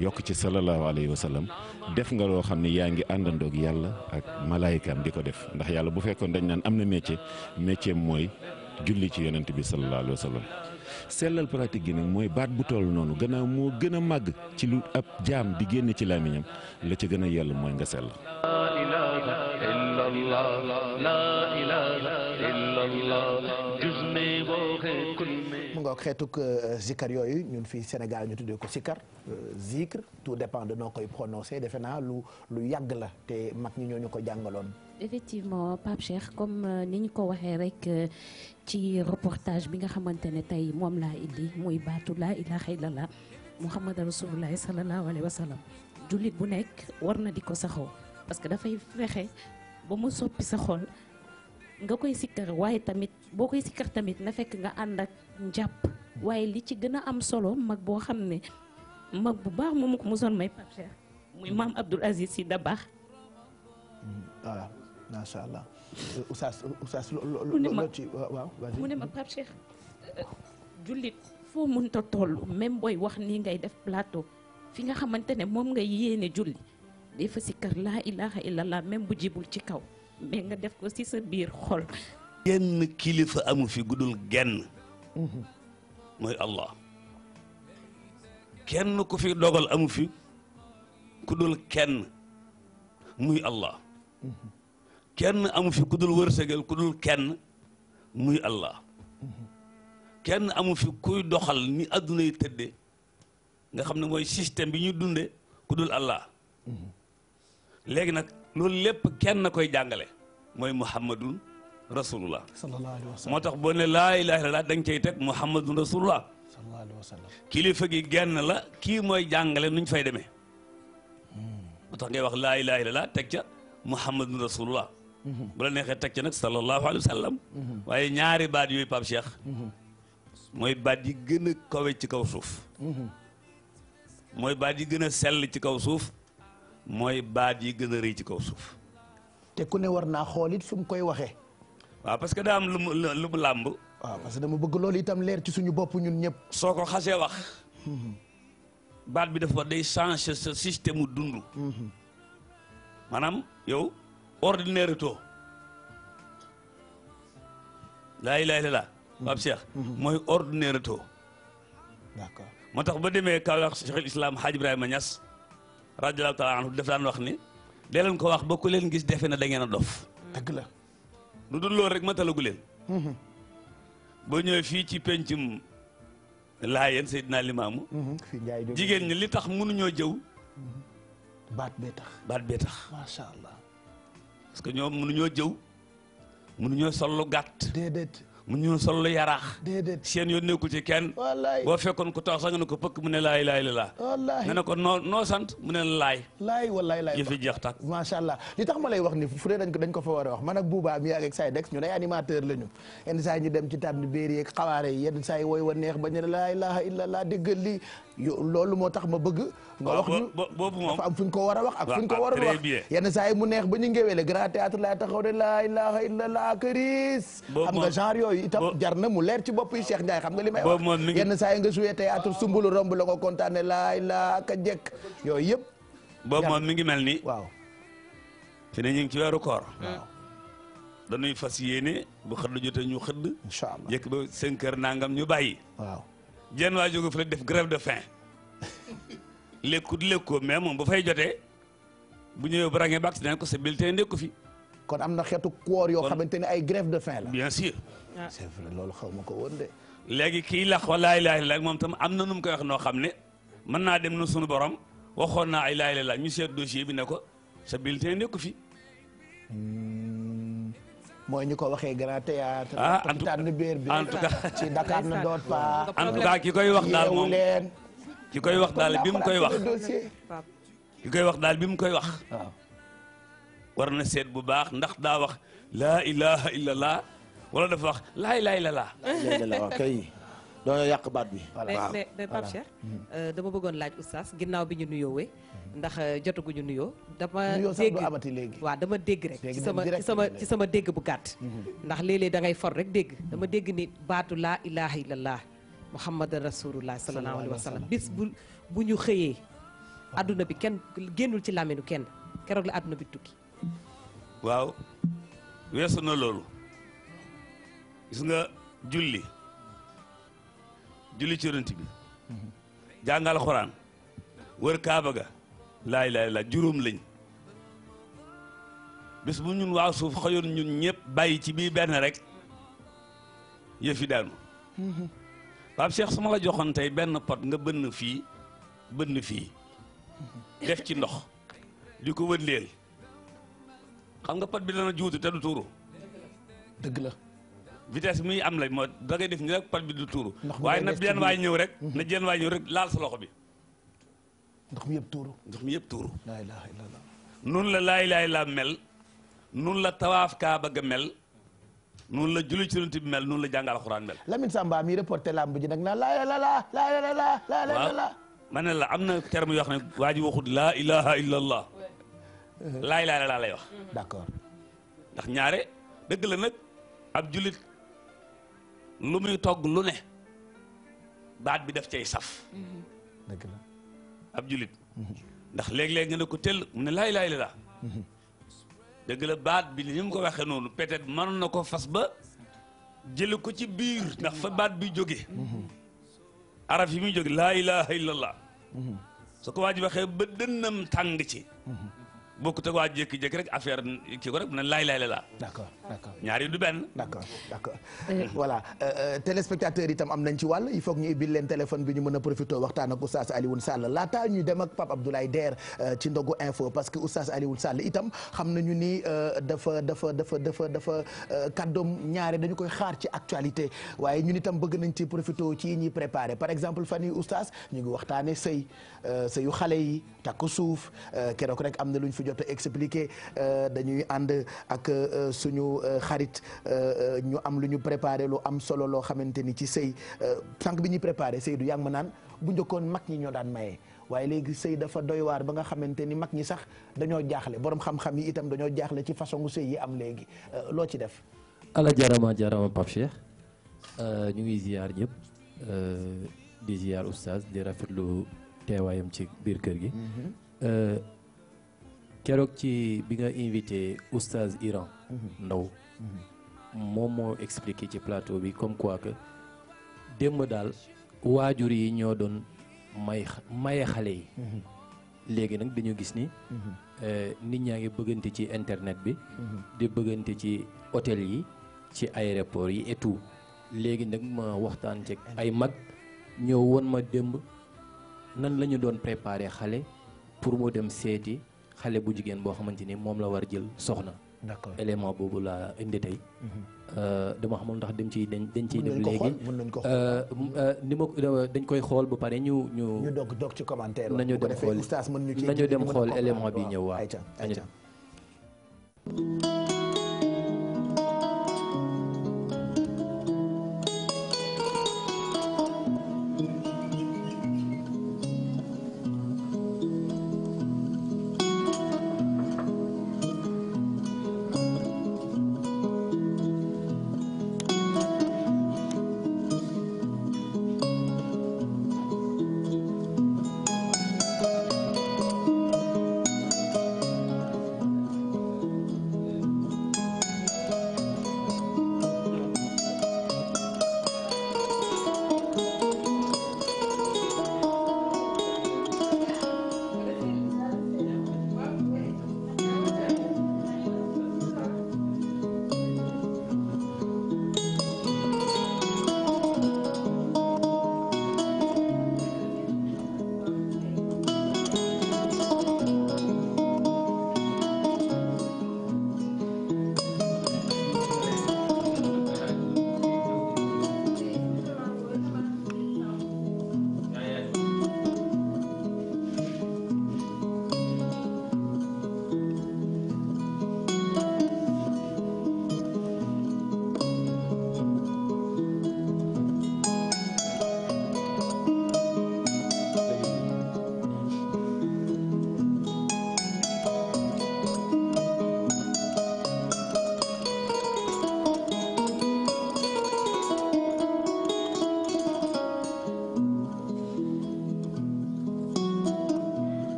yokk ci sallallahu alayhi wa sallam def nga loo xam ne yaa ngi àndandoog yàlla ak malaayikaam di ko def ndax yàlla bu fekkoon dañ naan am na métier métier mooy julli ci yonent bi sallallahu alayhi wa sallam sellal pratique gi nag mooy baat bu toll noonu gannaaw moo gën a màgg ci lu ab jaam di génn ci làmmiñam la ca gën a yell mooy nga sell. mu nga xeetuk euh, zikar yooyu ñun fii Sénégal ñu tuddee ko sikar euh, zikr tout dépend de noo koy prononcé defe naa lu lu yàgg la te mag ñi ñoo ñu ko jàngaloon effectivement Pape Cheikh comme euh, ni ñu ko waxee rek ci reportage bi nga xamante ne tey moom laa indi muy baatu laa ilaaha illallah Muhammad rasulullahi sallallahu alayhi wa sallam jullit bu nekk war na di ko saxoo parce que dafay fexe ba mu soppi sa xol nga koy sikkar waaye tamit boo koy sikkar tamit na fekk nga ànd njàpp waaye li ci gën a am solo mag boo xam ne mag bu baax moomu ko mosoon may Pape muy maam Abdoul Aziz Sy Dabakh voilà macha allah euh, oustaz oustaz loo ci waaw mu ne ma Pape euh, jullit foo mënta toll même booy wax nii ngay def plateau fi nga xamante ne moom ngay yéene julli day fa sikkar laa ilaha illallah même bu jibul ci kaw mais nga def ko ci sa biir xol genn kilifa amu fi gudul genn mooy allah kenn ku fi dogal amu fi ku dul kenn muy allah kenn amu fi ku dul wërsëgal ku dul kenn muy allah kenn amu fi kuy doxal ni adduna yi tëdde nga xam ne mooy système bi ñuy dunde ku dul allah léegi nag loolu lépp kenn na koy jàngale mooy muhammadun rasulullah moo tax boo ne laa ilaha illallah da nga cay teg muhammadun rasulullah kilifa gi genn la kii mooy jàngale nuñ fay demee hmm. moo tax ngay wax laa ilaha illallah teg ca muhammadun rasulullah hmm. bu la neexee teg ca nag sallallahu alayhi wa hmm. waaye ñaari baat yooyu Pape Cheikh mooy baat yi gën a ci kaw suuf mooy baat yi gën a sell ci kaw suuf mooy baat yi gën a rëy ci kaw suuf te ku ne war naa xool it fi koy waxee waaw parce que daa am lu mu lu mu làmb. waaw parce que dama bëgg loolu itam leer ci suñu bopp ñun ñëpp. soo ko xasee wax. Mhm. baat bi dafa day changer sa système mu dund. Mhm. yow ordinaire too. laa ilaaha illallaah. Pape mhm. Cheikh. mooy ordinaire too. moo tax ba demee ka Kaolack Cheikhul Islam Hadj Ibrahima Niass radiyallaahu taala anhu daf daan wax ni. dee leen ko wax ba ku leen gis defe na da ngeen a dof. dëgg la. lu dul loolu rek ma talagu leen mhm. boo ñëwee fii ci pencum laa yéen Seydina Limaamu mhm. jigéen ñi li tax mënuñoo jëw mhm. baat bee tax baat bee tax macha allah parce que ñoom mënuñoo jëw mënuñoo sol lu gàtt déedéet mu ñu sol lu yaraax. déedéet seen yoon nekkul ci kenn. wallaay boo fekkoon ku tax sax nga ne ko pëkk mu ne laay laay la laa. wallaay nga noo noo sant mu ne laay. laay wallaay laay yëf yi jeex tak. macha allah li tax ma lay wax ni fu dee dañ ko dañ ko fa war a wax man ak Bouba mi ak Sidex ñun ay animateur lañu yenn saa yi ñu dem ci tànn béer yeeg xawaare yi yenn saa yi wa neex ba ñu ne laa ilaaha illallah déggal lii loolu moo tax ma bëgg nga wax nu oh, dafa am fu ñu ko war a wax ak ah, fu ko ah, war a wax yenn saa yi mu neex ba ñu ngéwéle grand théâtre laa taxaw de laa ilaha illallah këris xam nga genre yooyu itam jar na mu leer ci bopp yi Cheikh Ndiaye xam nga li may wax yenn saa yi nga joué théâtre sumbulu romb la ko kontaane laa ilaha ka jekk yooyu yëpp boobu moom mi ngi mel ni waaw fi ne ñu ngi ci weeru koor hmm. dañuy fas yéene bu xëdd jotee ñu xëdd incha allah ba cinq heures nangam ñu bàyyi waaw jenn waa jóge fële def grève de faim lekku lekkoo mais moom bu fay jotee bu ñëwee bu ràññee ba accident ko sa bulletin ndekku fi. kon am na xeetu koor yoo xamante ne ay grève de faim la. bien sûr. Ah. c'est vrai loolu xaw ma ko woon de. léegi kii lax wala ilaha illallah moom tam am na nu mu koy wax noo xam ne mën naa dem nu suñu borom waxoon naa ilaha illallah ñu seet dossier bi ne ko sa bulletin ndekku fi. Hmm. mooy ñu ko waxee grand théâtre ah en tout cas en tout cas ci Dakar na doot pa en tout cas ki koy wax daal moom leen ki koy wax daal bi mu koy wax ki koy wax daal bi mu koy wax war na seet bu baax ndax daa wax laa ilaha illallah wala dafa wax laa ilaha illallah kay doo yàq baat bi voilà Pape Cheikh hmm. euh, dama bëggoon laaj oustaz ginnaaw bi ñu nuyoowee ndax euh, jotaguñu nuyoo. dama dégg amati léegi. waaw dama dégg rek ci sama sama dégg bu gàtt. Mhm. ndax léeg-léeg da ngay for rek dégg. dama dégg ni baatu laa ilaha illallah muhammadan rasulullah sallallahu alayhi wa sallam bis bu bu ñu xëyee. adduna bi kenn génnul ci làmminu kenn keroog la adduna bi tukki. waaw weesu na loolu gis nga julli julli ci yonent bi mhm. jàngal xuraan wër kaaba ga laa ilaaha illallaah juróom lañ bés bu ñun waa suuf xëyoon ñun ñëpp bàyyi ci bii benn rek yëfi daanu Pape Cheikh su ma la joxoon tey benn pot nga bënn fii bënn fii def ci ndox di ko wëndeel xam nga pot bi dana juutu te du tuuru dëgg la vitesse muy am la moo da ngay def ni rek pot bi du tuuru waaye na benn waay ñëw rek na jenn waay ñëw rek laal sa loxo bi ndox mi yëpp tuuru. la laa ilaha illallah la tawaaf kaaba la julli ci yonent bi mel nun la jàngal alxuraan mel. Lamine Samba ji nag la am na terme yoo xam waa ji waxut laa laa lay wax. d'accord. ndax ñaare dëgg la nag ab jullit lu muy togg lu ne baat bi def cay saf. la. ab julit ndax léeg-léeg nga ne ko tëll mu ne laay laay la laa dëgg la baat bi ni mu ko waxee noonu peut-être na ko fas ba jële ko ci biir ndax fa baat bi jóge araf yi muy jóge laa ilaha illallah su ko waa ji waxee ba dënnam tàng ci bokkut ak waa jékki-jékki rek affaire kii ko rek na laay laay la laa. d'accord d'accord yi du benn. d'accord d'accord voilà euh, euh, itam am nañ ci wàll il faut que ñu ubbil leen téléphone bi ñu mën a profité waxtaan ak Oustaz Alioune Sall laataa ñuy dem ak Pape Abdoulaye Der euh, ci ndogu info parce que Oustaz Alioune Sall itam xam na ñu ni dafa dafa dafa dafa dafa kàddoom ñaare dañu koy xaar ci actualité waaye ñun itam bëgg nañ ci profité ci ñuy préparé par exemple fan yii Oustaz ñu ngi waxtaanee sëy sëyu xale yi takku suuf keroog rek am jot a expliqué euh, dañuy ànd ak euh, suñu euh, xarit ñu am lu ñu préparé lu am solo loo xamante ni ci sëy sànq bi ñuy préparer Seydou yaa ngi ma naan bu njëkkoon mag ñi ñoo daan maye. waaye léegi sëy dafa doy waar ba nga xamante ni mag ñi sax dañoo jaaxle borom xam-xam yi itam dañoo jaaxle ci façon sëy yi am léegi loo ci def. ala jarama jarama Pape Cheikh ñu ngi ziar ñëpp di ziar oustaz di rafetlu teewaayam ci biir kër gi. Mm-hmm. keroog ci bi nga invité oustaz Iran mhm. Ndaw mhm. moom moo expliqué ci plateau bi comme quoi que démb daal waajur yi ñoo doon may maye xale yi mhm. léegi nag dañu gis ni euh, nit ñaa ngi bëggante ci internet bi di bëggante ci hôtel yi ci aéroport yi et léegi nag ma waxtaan ci ay mag ñëw won ma démb nan la ñu doon préparé xale pour mu dem seeti xale bu jigéen boo xamante ni moom la war jël soxna. d'accord élément boobu laa indi tey. Mhm. Euh, dama xamul ndax dem ci dañ dañ ciy léegi mën nañ ko xool euh, euh, ni ma dañ koy xool ba pare ñu ñu. ñu dog dog ci commentaire nañu dem xool nañu dem xool élément bi ñëw waaw ayca ayca.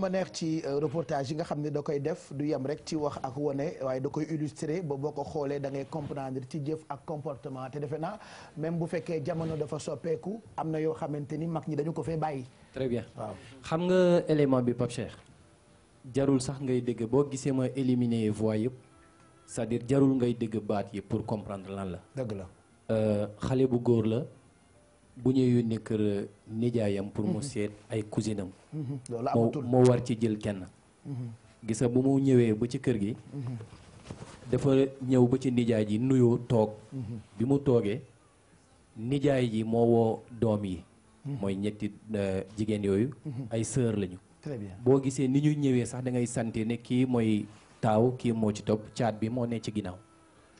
ma neex ci euh, reportage yi nga xam ne da koy def du yem rek ci wax ak wane waaye da koy illustrer ba boo ko xoolee da ngay comprendre ci jëf ak comportement te defe naa même bu fekkee jamono dafa soppeeku am na yoo xamante ni mag ñi dañu ko fee bàyyi. très waaw xam nga élément bi Pape Cheikh jarul sax ngay dégg boo gisee ma éliminer voix yëpp c'est-à-dire jarul ngay dégg baat yi pour comprendre lan la. dëgg la euh, xale bu góor la. bu ñuy yónnee kër euh, nijaayam pour mu mhm. seet ay cousin mhm. am moo war ci jël kenn mhm. gisa bu mu ñëwee ba ci kër gi dafa ñëw ba ci nijaay ji nuyoo toog bi mu toogee nijaay ji moo woo doom yi mooy ñetti euh, jigéen yooyu ay sœur lañu très boo gisee ni ñu ñëwee sax da ngay sante ne kii mooy taaw kii moo ci topp caat bi moo ne ci ginnaaw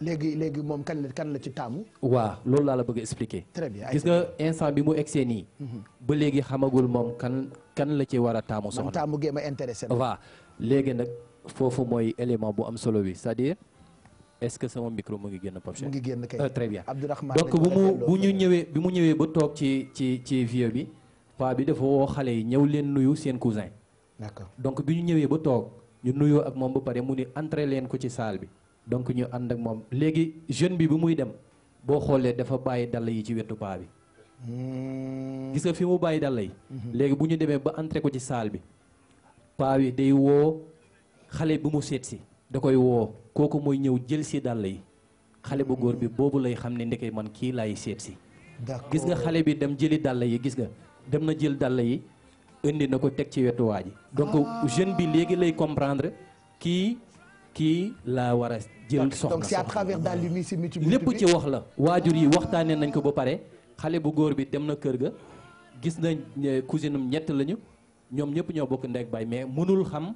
léegi léegi moom kan la kan la ci taamu. waaw loolu laa la bëgg a expliquer. très bien gis nga instant bi mu egsee nii. Mhm. ba léegi xamagul moom kan kan la ci war a taamu. soxna man taamu ma intéressé na. waaw léegi nag foofu mooy élément bu am solo bi cest à est-ce que sama micro mu ngi génn Pape Cheikh. mu ngi génn kay euh, très bien Abdourahmane donc bu mu bu ñu ñëwee bi mu ñëwee ba toog ci ci ci bi paa bi dafa woo xale yi ñëw leen nuyu seen cousin. d'accord donc bi ñu ñëwee ba toog ñu nuyoo ak moom ba pare mu ni entrer leen ko ci saal bi. donc ñu ànd ak moom léegi jeune bi bu muy dem boo xoolee dafa bàyyi dàll yi ci wetu paa bi. Hmm. gis nga fi mu bàyyi dàll yi. Mhm. léegi bu ñu demee ba entré ko ci saal bi. paa bi day woo xale bi mu seet si. da koy woo kooku mooy ñëw jël si dàll yi. xale bu góor bi hmm. boobu lay xam ne ndeke man kii laay seet si. gis nga xale bi dem jëli dàll yi gis nga dem na jël dàll yi indi na ko teg ci wetu waa ji. donc ah. jeune bi léegi lay comprendre kii. kii la war a jël soxna donc c'est à travers daal li muy si lépp ci wax la waajur yi waxtaanee nañ ko ba pare xale bu góor bi dem na kër ga gis nañ eh, cousine am ñett lañu ñoom ñëpp ñoo bokk ndeeg baay mais mënul xam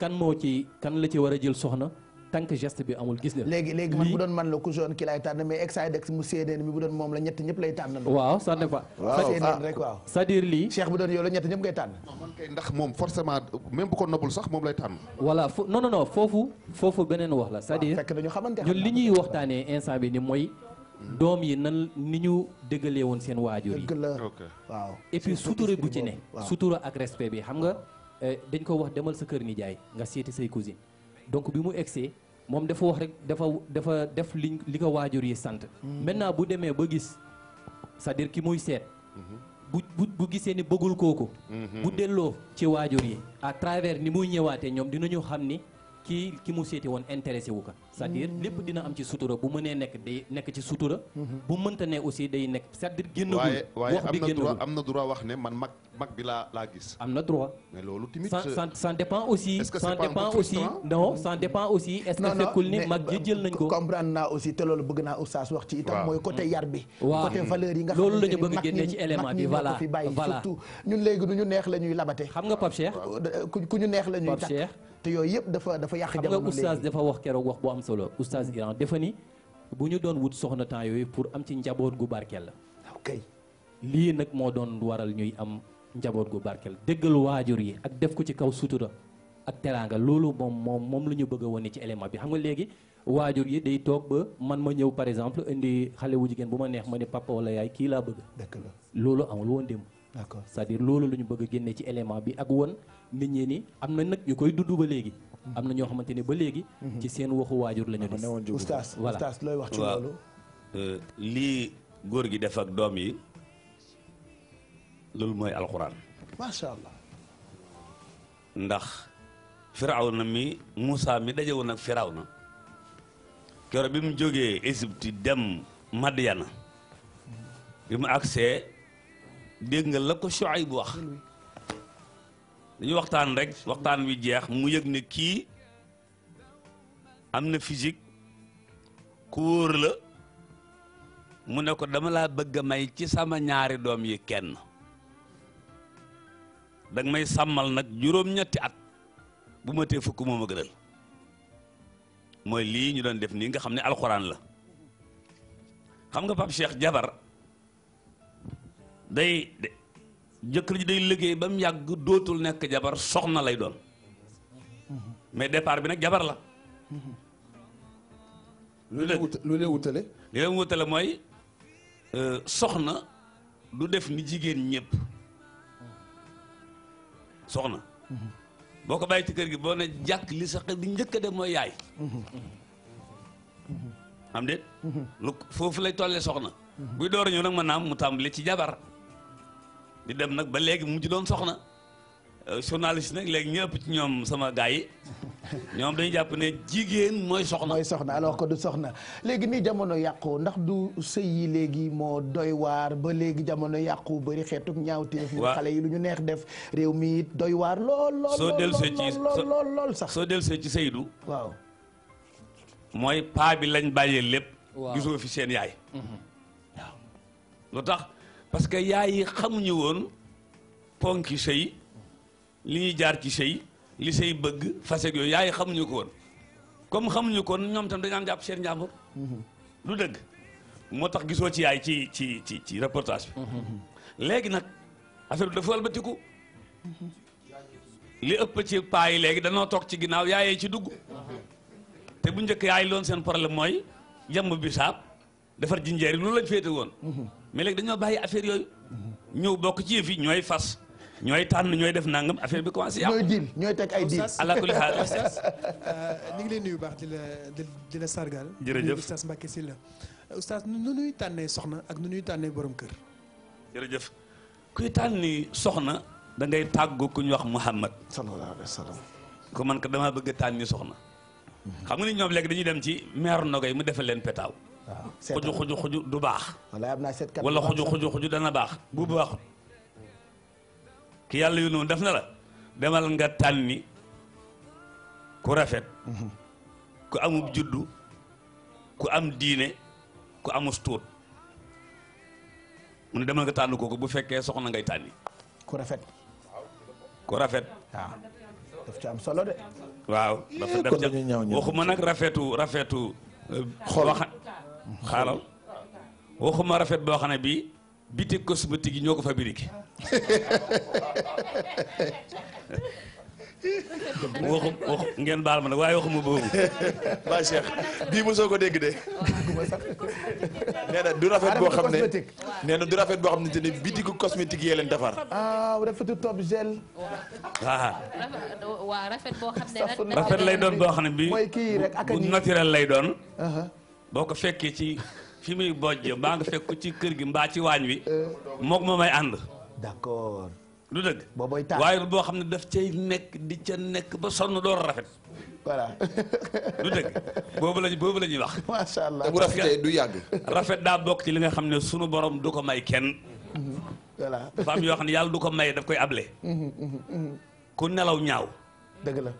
kan moo ci kan la ci war a jël soxna tant que geste bi amul gis nga. léegi léegi man bu doon man la ku jaune ki lay tànn mais ex mu séedéen bi bu doon moom la ñett ñëpp lay tànn. waaw ça ne ah, ndax moom forcément même bu ko nobul sax moom lay tànn. voilà li ñuy waxtaanee instant ni mooy. doom yi nan ni ñu dëggalee woon seen waajur yi. waaw et puis sutura bu ci ne. sutura ak respect bi xam nga euh, dañ ko wax demal sa kër nijaay nga seeti say cousine donc bi mu egsee moom dafa wax rek dafa dafa def li li ko waajur yi sant. Mm-hmm. maintenant bu demee ba gis sa à ki muy seet. Mm-hmm. bu bu bu gisee ni bëggul kooku. Mm-hmm. bu delloo ci waajur yi à travers ni muy ñëwaatee ñoom dina dinañu xam ni kii ki mu seeti woon intéressé wu ko. c'est-à-dire mm. lépp dina am ci sutura bu mënee nekk day nekk ci sutura. Mm-hmm. bu mënta ne wax bi génnagul waaye am na droit am na wax ne man mag bi laa gis. am na droit mais dépend aussi. non sans dépend aussi. est-ce que aussi te loolu bëgg naa oustaz wax ci itam. mooy côté mm. yar bi. waaw côté mm. valeur yi nga xamante ni mag ñi ñu la xam nga Pape Cheikh ku ñu neex la ñuy te yooyu yëpp dafa dafa yàq jamono léegi dafa wax keroog wax bu am solo oustaz Iran dafa ni bu ñu doon wut soxna temps yooyu pour am ci njaboot gu barkeel la. ok lii nag moo doon waral ñuy am njaboot gu barkeel déggal waajur yi ak def ko ci kaw sutura ak teraanga loolu moom moom moom lu ñu bëgg a wane ci élément bi xam nga léegi waajur yi day toog ba man ma ñëw par exemple indi xale wu jigéen bu ma neex ma ne papa wala yaay kii laa bëgg. dëgg la loolu amul woon démb. d'accord cest à loolu lu ñu bëgg génnee ci élément bi ak won nit ñi ni am na nag ñu koy dudd ba léegi. am na ñoo xamante ni ba léegi. Mhm. ci seen waxu waajur la ñu des. oustaz oustaz looy wax ci loolu. Euh, lii góor gi def ak doom yi loolu mooy alxuraan. macha allah. ndax. firawna mi musaa mi daje woon ak na keroog bi mu jógee Égypte dem Madiana bi mu agsee dégg nga la ko Shuayb bu wax dañuy waxtaan rek waxtaan wi jeex mu yëg ne kii am na physique ku wóor la mu ne ko dama laa bëgg a may ci sama ñaari doom yi kenn danga may sàmmal nag juróom-ñetti at bu ma tee fukk moom a gënal mooy lii ñu doon def nii nga xam ne alxuraan la xam nga Pape seex Jabar day jëkkër ji day liggéey ba mu yàgg dootul nekk jabar soxna lay doon mais départ bi nag jabar la. lu leen lu leen wutale. li leen wutale mooy euh, soxna du def ni jigéen ñépp soxna. boo ko bàyyi ci kër gi boo ne jàkk li sax di njëkk a dem mooy yaay. xam de mm-hmm. lu foofu lay tollee soxna. Mm-hmm. buy door a ñëw nag ma naam mu tàmbali ci jabar. di dem nag ba léegi mu ci doon soxna euh, journaliste nag léegi ñëpp ci ñoom sama gars ñoom dañu jàpp ne jigéen mooy soxna. mooy soxna alors que du soxna léegi nii jamono yàqu ndax du sëy yi léegi moo doy waar ba léegi jamono yàqu bëri xeetu ñaawteef. waaw xale yi lu ñu neex def réew mi it doy waar lool. lool lool lool lool lool sax soo dellusee ci Seydou. waaw. mooy paa bi lañ bàyyee lépp. gisoo fi seen yaay. Mhm. lu tax. parce que yaay yi xamuñu woon ponki sëy li ñuy jaar ci sëy li sëy bëgg fasek yooyu yaay xamuñu ko woon comme xamuñu ko woon ñoom tam dañaan jàpp seen njàmbur lu dëgg moo tax gisoo ci yaay ci ci ci ci reportage bi mm-hmm. léegi nag affaire bi dafa walbatiku mm-hmm. li ëpp ci paa yi léegi danoo toog ci ginnaaw yaayee ci dugg mm-hmm. te bu njëkk yaay loon seen problème mooy jàmm bisaab defar jinjeer yi loolu lañ féete woon mais léegi dañoo bàyyi affaire yooyu ñëw bokk ci yëf yi ñooy fas ñooy tànn ñooy def nangam affaire bi commencé yàqu. ñooy diin ñooy teg ay diin. ala kulli xaal oustaz euh, ñu ngi lay nuyu baax di la di la sargal. jërëjëf oustaz Mbacké Sylla oustaz nu nuy soxna ak nu nuy tànnee borom kër. jërëjëf kuy tànni soxna da ngay tàggu ku ñu wax Muhammad. sallallahu alayhi wa sallam. ko man ko damaa bëgg a tànni soxna. xam nga ni ñoom léegi dañuy dem ci meer yi mu defal leen petaaw. waaw xuju xuju xuju du baax. wala am naa seetkat wala xuju xuju xuju dana baax bu baaxut. ki yàlla yu noonu def na la demal nga tànni ku rafet. Mhm. ku amub juddu ku am diine ku amus tuut mu ne demal nga tànn kooku bu fekkee soxna ngay tànni. ku rafet. ku rafet. waaw daf ci am solo de. waaw dafa def waxuma nag rafetu rafetu. Euh, xool xaaral waxuma rafet boo xam ne bii biti cosmétique yi ñoo ko fabriqué waxu wax ngeen baal ma nag waaye waxuma boobu. ba Cheikh bii mosoo ko dégg de. nee du rafet boo xam ne nee na du rafet boo xam ne te ne bitigu cosmétique yee leen defar. ah rafetu top ah. rafet boo lay doon boo xam ne bii. mooy bu naturel lay doon. Uh-huh. boo ko fekkee ci fi muy bojj mbaa nga fekk ci kër gi mbaa ci waañ wi moo ma may ànd d'accord lu dëgg booboy taal waaye boo xam ne daf cay nekk di ca nekk ba sonn door rafet voilà dëgg boobu lañ boobu la ñuy wax macha te bu rafetee du yàgg rafet daa bokk ci li nga xam ne sunu boroom du ko may kenn mm-hmm. voilà am yoo xam ne yàlla du ko may daf koy able mm-hmm, mm-hmm, ku nelaw ñaaw dëgg la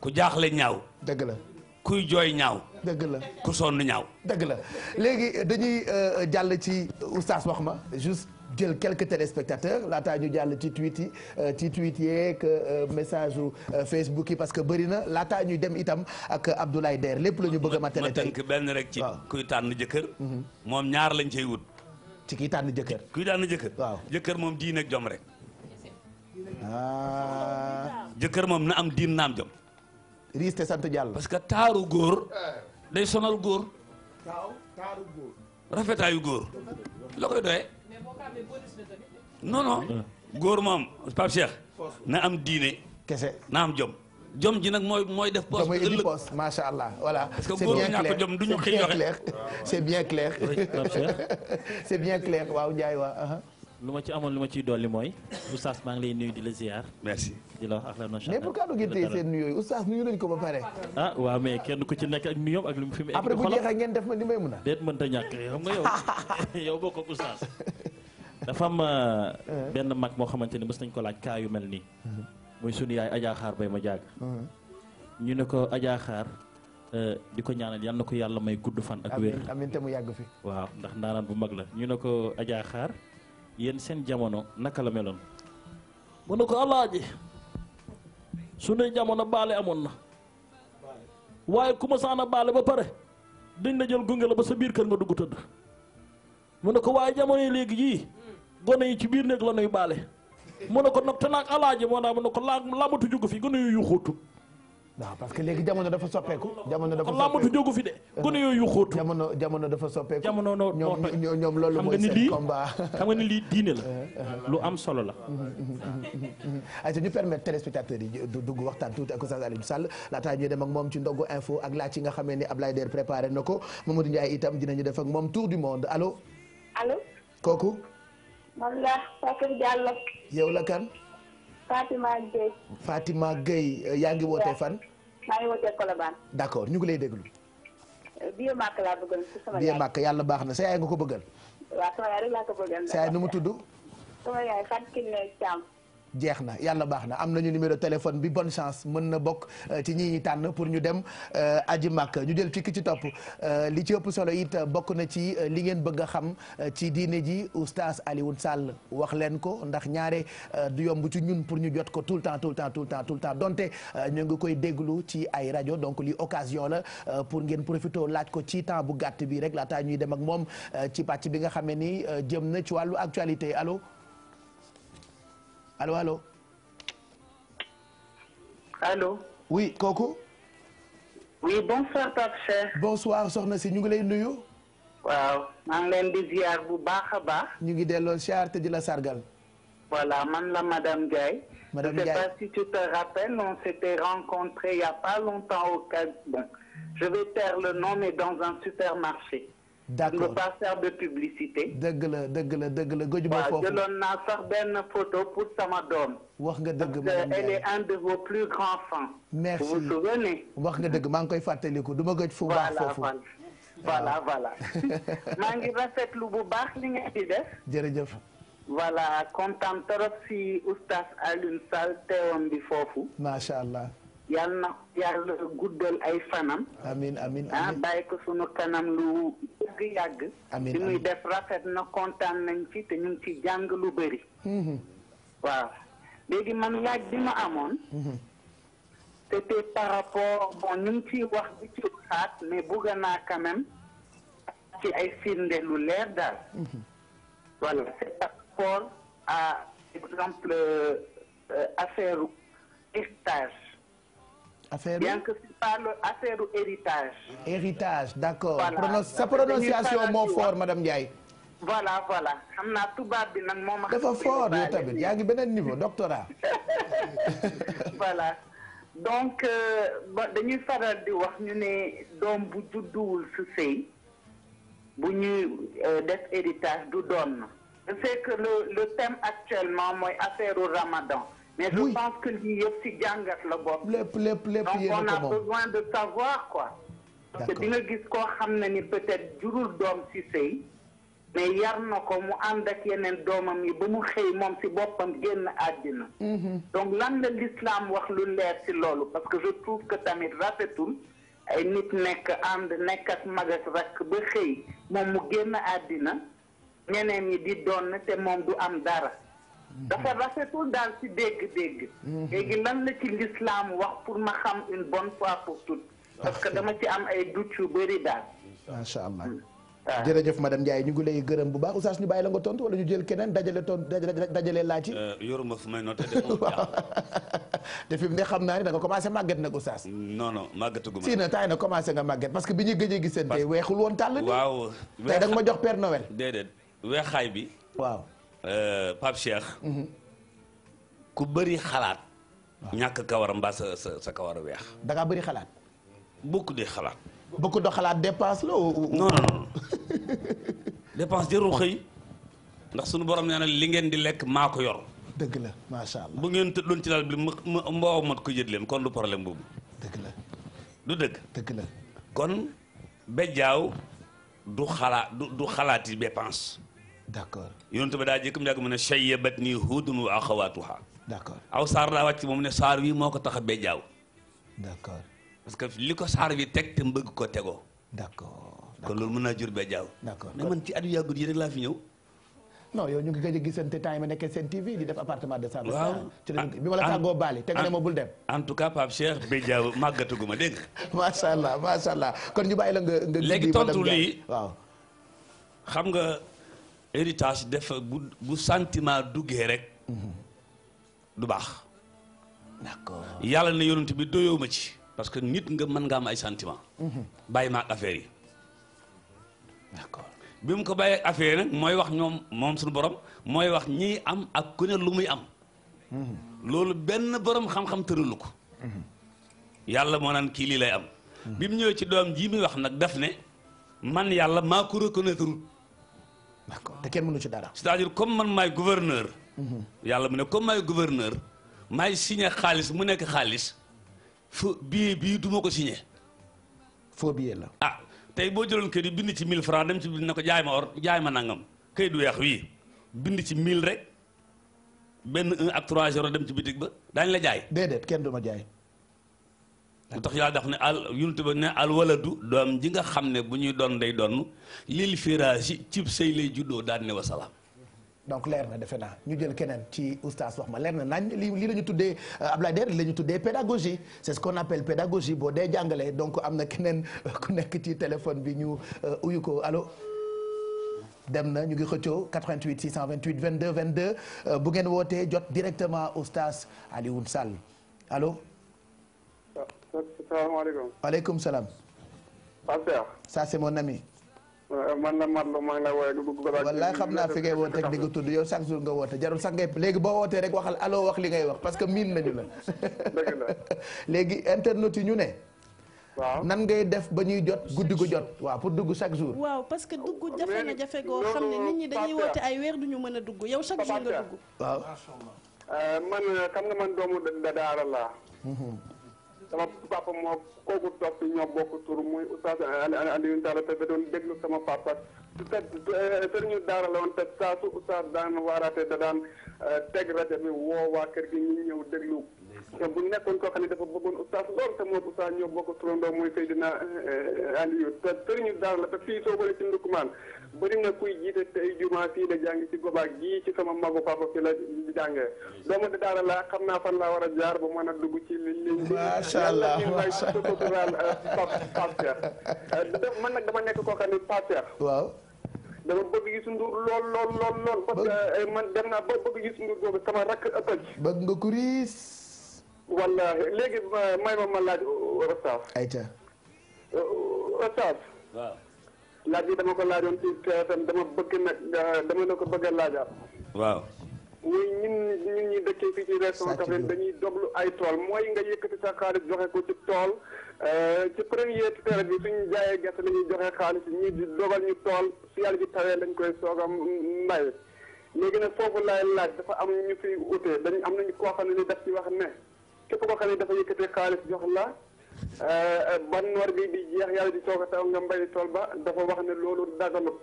ku jaaxle ñaaw dëgg la kuy jooy ñaaw. dëgg la ku sonn ñaaw. dëgg la léegi euh, dañuy euh, jàll ci oustaz wax ma juste jël quelques téléspectateurs laata ñu jàll ci tweet yi euh, ci tweet yeeg message su Facebook yi parce que bëri na laataa ñuy dem itam ak Abdoulaye Der lépp la ñu bëgg a matale ma tënk benn rek ci kuy tànn jëkkër. Mhm. moom ñaar lañ cey wut. ci kiy tànn jëkkër. kuy tànn jëkkër. waaw jëkkër moom diin ak jom rek. Ah. jëkkër moom na am diin naam jom. riis sant jàll. parce que taaru góor day sonal góor. rafetaayu góor. la koy doyee. non non. Ah. góor moom Pape Cheikh. na am diine. kese am jom. jom ji nag mooy mooy def poche. mooy indi poche allah voilà. parce que góor ñu jom du ñu xëy bien clair c' waaw Ndiaye waaw. Uh-huh. lu ma ci amoon lu ma ciy dolli mooy oustaz maa ngi lay nuyu di la ziar. merci di la wax ak la téye seen nuyoo yi oustaz nuyu nañu ko ba pare. ah waaw mais kenn ku ci nekk ak nuyoom ak lu mu fi mu. après bu jeexee ngeen def ma ni may mun a. déet mënta ñàkk xam nga yow yow bokk ak oustaz. dafa am euh, eh. benn mag moo xamante ni mës nañu ko laaj kaa yu mel nii. Mm-hmm. muy sunu yaay xaar bay ma jàgg ñu ne ko Ajaaxaar. Euh, di ko ñaanal yal na ko yàlla may gudd fan. ak wér amiin amiin mu yàgg fi. waaw ndax ndaanaan bu mag la ñu ne ko Ajaaxaar yéen seen jamono naka la meloon mu ne ko alaaji sunuy jamono baale amoon na waaye ku ma saana baale ba pare dañ na jël gunge la ba sa biir kër nga dugg tëdd mu ne ko waaye jamono yi léegi yii gone yi ci biir néeg la nuy baale mu ne ko nag te naag alaaji moo naa mu ne ko laa lamatu jugg fi gone yu waaw parce que léegi jamono dafa soppeeku. jamono dafa soppeeku làmbatu jógu fi jamono jamono dafa soppeeku. jamono noo ñoom ñoom loolu mooy seen combat. xam nga ni lii diine la. lu am solo la. ayca ñu permettre téléspectateurs yi du dugg waxtaan tuuti ak Oustaz Alioune Sall laataa ñuy dem ak moom ci ndogu info ak laaj yi nga xamee ni Ablaye Der préparé na ko Mamadou Ndiaye itam dinañu def ak moom tour du monde alo allo. kooku. man la Fatou Diallo. yow la kan. Fatima Gueye. Fatima Gueye yaa ngi woote fan. maa ngi d' accord ñu ngi lay déglu. biir laa bëggoon ci yàlla baax na sa yaay nga ko bëgga waaw sa yaay nu mu tudd. jeex na yàlla baax na am na ñu numéro téléphone bi bonne chance mën na bokk euh, ci ñi tànn pour ñu dem euh, aji màkk ñu jël ci ki ci topp euh, li ci ëpp solo it bokk na ci li ngeen bëgg a xam ci diine ji oustaz Alioune sàll wax leen ko ndax ñaare du yomb ci ñun pour ñu jot ko tout le temps tout le temps tout le temps tout le donte ñu ngi koy déglu ci ay rajo donc li occasion la pour ngeen profité laaj ko ci temps bu gàtt bi rek laataa ñuy dem ak moom ci pàcc bi nga xamee ni jëm na ci wàllu actualité allo. alo alo allo. oui kooku. oui bonsoir Pape Cheikh. bonsoir soxna si ñu ngi lay nuyu. waw maa ngi leen di ziar bu baax a baax. ñu ngi delloo ziar di la sargal. voilà man la madame Ndiaye. madame Ndiaye je ne sais pas si tu on s'était rencontré il y a pas longtemps au cas je vais taire le nom mais dans un supermarché. d'accord dëgg la dëgg la dëgg la gëjuma foofu waaw jëloon naa sax benn photo pour sama doom. wax nga dëgg madame wax nga dëgg maa ngi koy fàttaliku du ma gëj fu baax foofu voilà voilà maa ngi rafetlu bu baax li nga di def. jërëjëf. voilà kontaan trop si oustaz Alioune Sall teewoon bi foofu. macha allah. yal na yàlla guddal ay fanam. amiin amiin ah bàyyi ko sunu kanam lu yàgg yàgg. amiin muy def rafet na kontaan nañ ci te ñu ngi ci jàng lu bëri. Mm-hmm. waaw léegi man laaj bi ma amoon. Mm-hmm. c'était par rapport bon ñu ngi ciy wax bi ci xaat mais bugg naa quand ci ay firnde lu leer daal. Mm-hmm. voilà c'est par rapport à exemple euh, euh, affaire héritage. affaire bien que c'est pas affaire héritage. héritage d'accord voilà. sa prononciation moo fort madame Ndiaye. voilà voilà xam naa tubaab bi nag moom. dafa fort yow tamit yaa ngi beneen niveau doctorat. voilà donc euh, dañuy faral di wax ñu ne doom bu judduwul su sëy bu ñuy euh, def héritage du doon. c'est que le le thème actuellement mooy affaire ramadan. mais je oui. pense que lii yëpp ci jàngat la bopp. lépp lépp lépp a ko moom donc on a besoin de savoir quoi. parce que di nga gis koo xam na ni peut-être jurul doom ci sëy mais yar na ko mu ànd ak yeneen doomam yi ba mu xëy moom ci boppam génn àddina. Mhm. donc lan la l'islam wax lu leer ci loolu parce que je trouve que tamit rafetul ay nit nekk ànd nekk ak mag ba xëy moom mu génn àddina ñeneen ñi di doon te moom du am dara. dafa rafetul daal ci dégg-dégg. Mhm. léegi lan la ci lislaam wax pour ma xam une bonne fois pour toutes. parce que dama ci am ay doute yu bëri daal. macha allah. waaw hmm. ah. jërëjëf madame Ndiaye ñu ngi lay gërëm bu baax oustaz ñu bàyyi la nga tontu wala ñu jël keneen dajale tontu dajale laaj yi. Euh, yoruma fu may noté te fi mu ne xam naa ne da nga commencé màgget nag oustaz. non non màggetaguma. si na taay na commencé nga màgget parce que bi ñu gëj a gisante. weexul woon tàll. waaw tey da nga ma jox Père Noël. déedéet weexaay bi. waaw. Euh, Pape Cheikh. Mhm. ku bëri xalaat. ñàkk kawar mbaa sa sa kawar weex. da bari bëri xalaat. bukk di xalaat. bukk do xalaat dépense la. non non dépense jarul xëy. ndax sunu borom nee na li ngeen di lekk maa ko yor. dëgg la macha allah bu ngeen tëddoon ci daal bi ma ma mboow mat ko jët leen kon du problème boobu. dëgg du dëgg. dëgg kon bejjaaw du xalaat du du xalaati dépense. d'accord yonent ba daa jékki mu ne wa axawaatuha d'accord aw saar wi moo ko tax a bejjaaw parce que li ko saar wi teg te mbëgg ko tegoo d'accord kon loolu mën naa jur bejjaaw d'accord mais man ci at yu yàggut yi rek laa fi ñëw non yow ñu ngi gëj a gisante temps yi ma nekkee seen di def appartement de service. waaw ah, ci la ah, bi ma la tàggoo baali te nga ma bul dem. en tout cas Pape Cheikh Bédiaw màggatuguma ma dégg nga. macha allah macha kon ñu bàyyi la nga nga. léegi tontu lii waaw xam nga. héritage dafa bu bu sentiment duggee rek du baax d'accord yàlla na yonent bi doyoo ma ci parce que nit nga mën nga am ay sentiment bàyyi ma ak affaire yi bi mu ko bàyyee affaire nag mooy wax ñoom moom suñu borom mooy wax ñii am ak ku ne lu muy am loolu benn boroom xam-xam tëralu ko yàlla moo naan kii lii lay am bi mu ñëwee ci doom ji muy wax nag daf ne man yàlla maa ko reconnaître d'accord te kenn mënu ci dara. c'est-à-dire comme man maay gouverneur. yàlla mu ne comme maay gouverneur maay signé xaalis mu nekk xaalis fu billet bii du ma ko foo faux billet la. ah tey boo jëloon kër yi bind ci mille francs dem ci bind na ko jaay ma or jaay ma nangam kay du weex wii bind ci mille rek benn 1 ak 3 euros dem ci bitig ba daañu la jaay. kenn du ma jaay. lu tax yàlla daf ne al yuntu ba ne al waladu doom ji nga xam ne bu ñuy doon day doon lil firaasi cib sëy lay juddoo daan ne wasalaam donc leer na defe naa ñu jël keneen ci oustaz wax ma leer na nañ lii lañu la ñu tuddee euh, Ablaye Der la tuddee pédagogie c'est ce qu'on appelle pédagogie boo dee jàngalee donc am na keneen euh, ku nekk ci téléphone bi ñu euh, uyu ko allo dem na ñu ngi xëccoo 88 628 22 22 bu ngeen wootee jot directement oustaz Alioune Sall alo salaamaaleykum. waaleykum salaam. Pape ça c'est mon ami. Euh, man la Marlo maa ngi lay woowee dugg. wallaay xam naa fi ngay woote ak di nga tudd yow chaque jour nga woote jarul sax ngay léegi boo wootee rek waxal allo wax li ngay wax parce que miin nañu la. léegi internet yi ñu ne. waaw nan ngay def ba ñuy jot guddi gu jot waaw pour dugg chaque jour. waaw parce que dugg jafe na jafe goo xam ne nit ñi dañuy woote ay weer duñu mën a dugg yow chaque jour nga dugg. waaw. Euh, man euh, xam nga man doomu daara la mhm. sama papa moo kooku toog fi ñoo bokk tur muy oustaz Alioune Talla te da doon déglu sama papa te eh, sëriñu daara la woon te saa su oustaz daan waaraate da daan eh, teg rajo bi woo kër gi ñu ñëw déglu te bu nekkoon koo xam ne dafa bëggoon oustaz lool te moom oustaz ñoo bokk turandoo mooy Seydina eh, eh, Aliou te sëriñu daara la te fii soo bale ci ndukumaan bëri na la jàng ci gobaak gii naa fan laa war a jaar ba mën a dugg ci li liñ bi yàlla ñu lay sutural pap pap Cheikh eh, man nag nekk koo xam ne pap Cheikh waaw dama bëgg Youssou Ndour lool lool lool lool naa ba bëgg Youssou Ndour boobu sama rakk bëgg nga kuriis wallaahi léegi may ma ma laaj Oustaz. ayca. Oustaz. waaw. laaj bi dama ko laajoon ci TFM dama bëgg nag euh, dama la ko bëgg a laajaat. waaw. muy ñun ñun dëkkee fii ci région Kaffrine dañuy doglu ay tool mooy nga yëkkati sa xaalis joxe ko ci tool euh, ci premier terre bi suñ jaayee gerte la ñuy joxe xaalis ñi di dogal ñu tool su yàlla bi tawee lañ koy soog a may léegi nag foofu laay laaj dafa am ñu fi utee dañ am nañu koo xam ne def ci wax ne. képp koo xam ne dafa yëkkatee xaalis jox la euh, euh, ban war bi jeex yàlla di soog a taw nga mbay tool ba dafa wax ne loolu daganut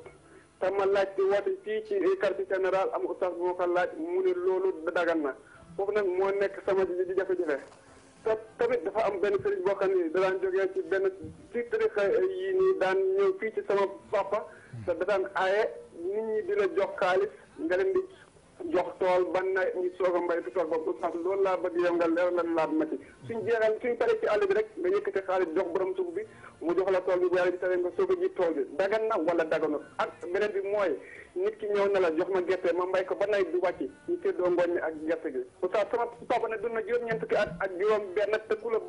te ma laaj ci woote fii ci quartier général am oustaz bu ma ko laaj mu ne loolu dagan na foofu nag moo nekk sama ji di jafe-jafe te tamit dafa am benn sëriñ boo xam ne daan jógee ci benn ci tarixa yi nii daan ñëw fii ci sama papa te daan aaye nit ñi dina jox xaalis nga leen di jox tool ba na ñu soog a mbay du tool la laat ma ci suñ jeexal bi rek nga yëkkati xaalis jox borom bi mu jox la tool bi a ji tool bi dagan na wala na la jox ma gerte ma mbay ko ba nawet bi wàcc ñu mi ak gerte gi oustaz sama papa ne dund na juróom-ñeent ki at ak juróom benn te ku la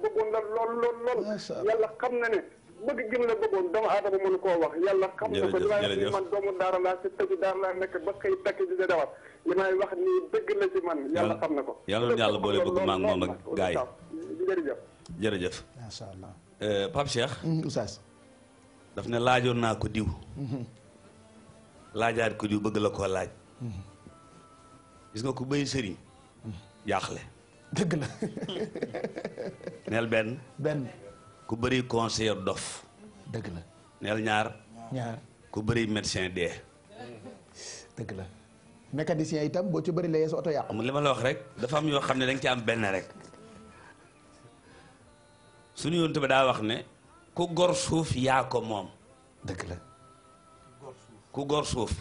lool lool lool yàlla xam na ne bëgg gëm la bëggoon doomu aadama mënu koo wax yàlla xam na ko dinaa man doomu daara laa si tëju daara laa nekk ba xëy takk di da dawat li wax nii dëgg la ci man yàlla xam na ko yàlla na bëgg maa moom ak gars jërëjëf jërëjëf macha euh, mm-hmm, daf ne laajoon naa ko diw mm-hmm. laajaat ko diw bëgg la koo laaj mm-hmm. gis nga ku bëy sëriñ jaaxle dëgg la neel benn ku bëri conseiller dof. dëgg la neel ñaar. ñaar ku bëri médecin dee. dëgg la mécanicien itam boo ci bari la sa oto yàqu. li ma la wax rek dafa am yoo xam ne da nga ci am benn rek suñu yoon bi daa wax ne ku gor suuf yaa ko moom. dëgg la ku gor suuf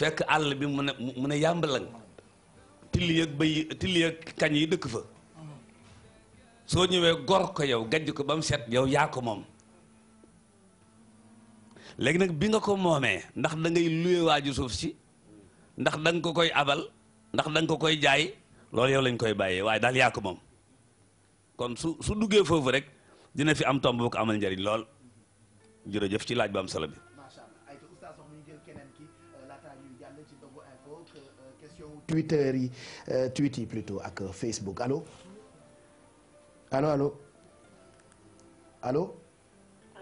fekk àll bi mu ne mu ne yàmbalang till yëg bëy till yëg kañ yi dëkk fa. soo ñëwee gor ko yow gajj ko ba mu set yow yaa ko moom léegi nag bi nga ko moomee ndax dangay ngay luye waaju suuf si ndax da ko koy abal ndax da ko koy jaay loolu yow lañ koy bàyyee waaye daal yaa ko moom kon su su duggee foofu rek dina fi am tomb bu ko amal njariñ lool jërëjëf ci laaj bu am solo bi. Euh, euh, Twitter yi euh, tweet yi plutôt ak Facebook allo. allo allo allo.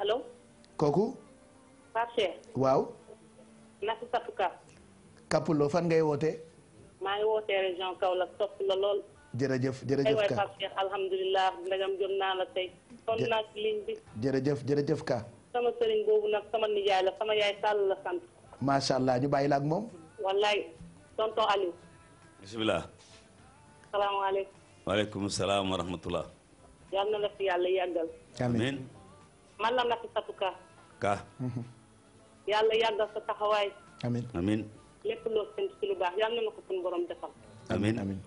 allo. kooku. Pape Cheikh. waaw. Nafisatou Ka. Kappulo fan ngay woote maa ngi wootee région Kaolack sopp la lool. jërëjëf jërëjëf Ka alhamdulilah ndegam jot naa la tey. jërëjëf jërëjëf Ka. sama sëriñ boobu nag sama nijaay la sama yaay Sall la sant. macha allah ñu bàyyi la ak moom. wallaay tonton Aliou. bisimilah. salaamaaleykum. waaleykum salaam wa yal na la fi yàlla yàggal. amiin man la Nafissatou Ka. Ka. yàlla yàggal sa taxawaay. amiin amiin. lépp loo séntu ci lu baax yal na ma ko suñu borom defal. amiin amiin.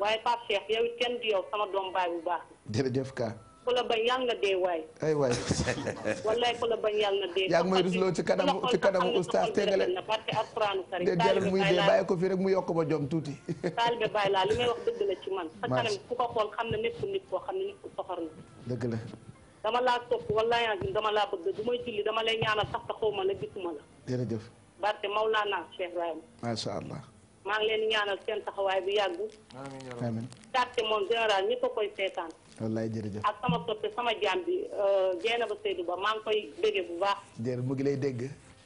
waaye Pape Cheikh yow it kenn sama doom baay bu baax. jërëjëf Ka. ku la bañ yàlla na dee waay. ay waay wallaay ku la bañ yàlla na dee. yaa ngi may rusloo ci kanamu ci ko fi mu yokk ma jom tuuti. taalibe bàyyi laa la ci man. sa kanam ku ko xool koo xam ne nit ku na. dëgg la. dama laa topp wallaay dama laa bëgg dama lay ñaanal sax ma la gisuma la. jërëjëf. barke Maulana Cheikh Ibrahima. macha allah. maa ngi leen ñaanal seen taxawaay bi yàgg. amiin a koy seetaan. wallaay jërëjëf ak sama soppe sama jaam bi jeena euh, ba Seydou Ba maa koy déggee bu baax. jërëjëf mu ngi lay dégg.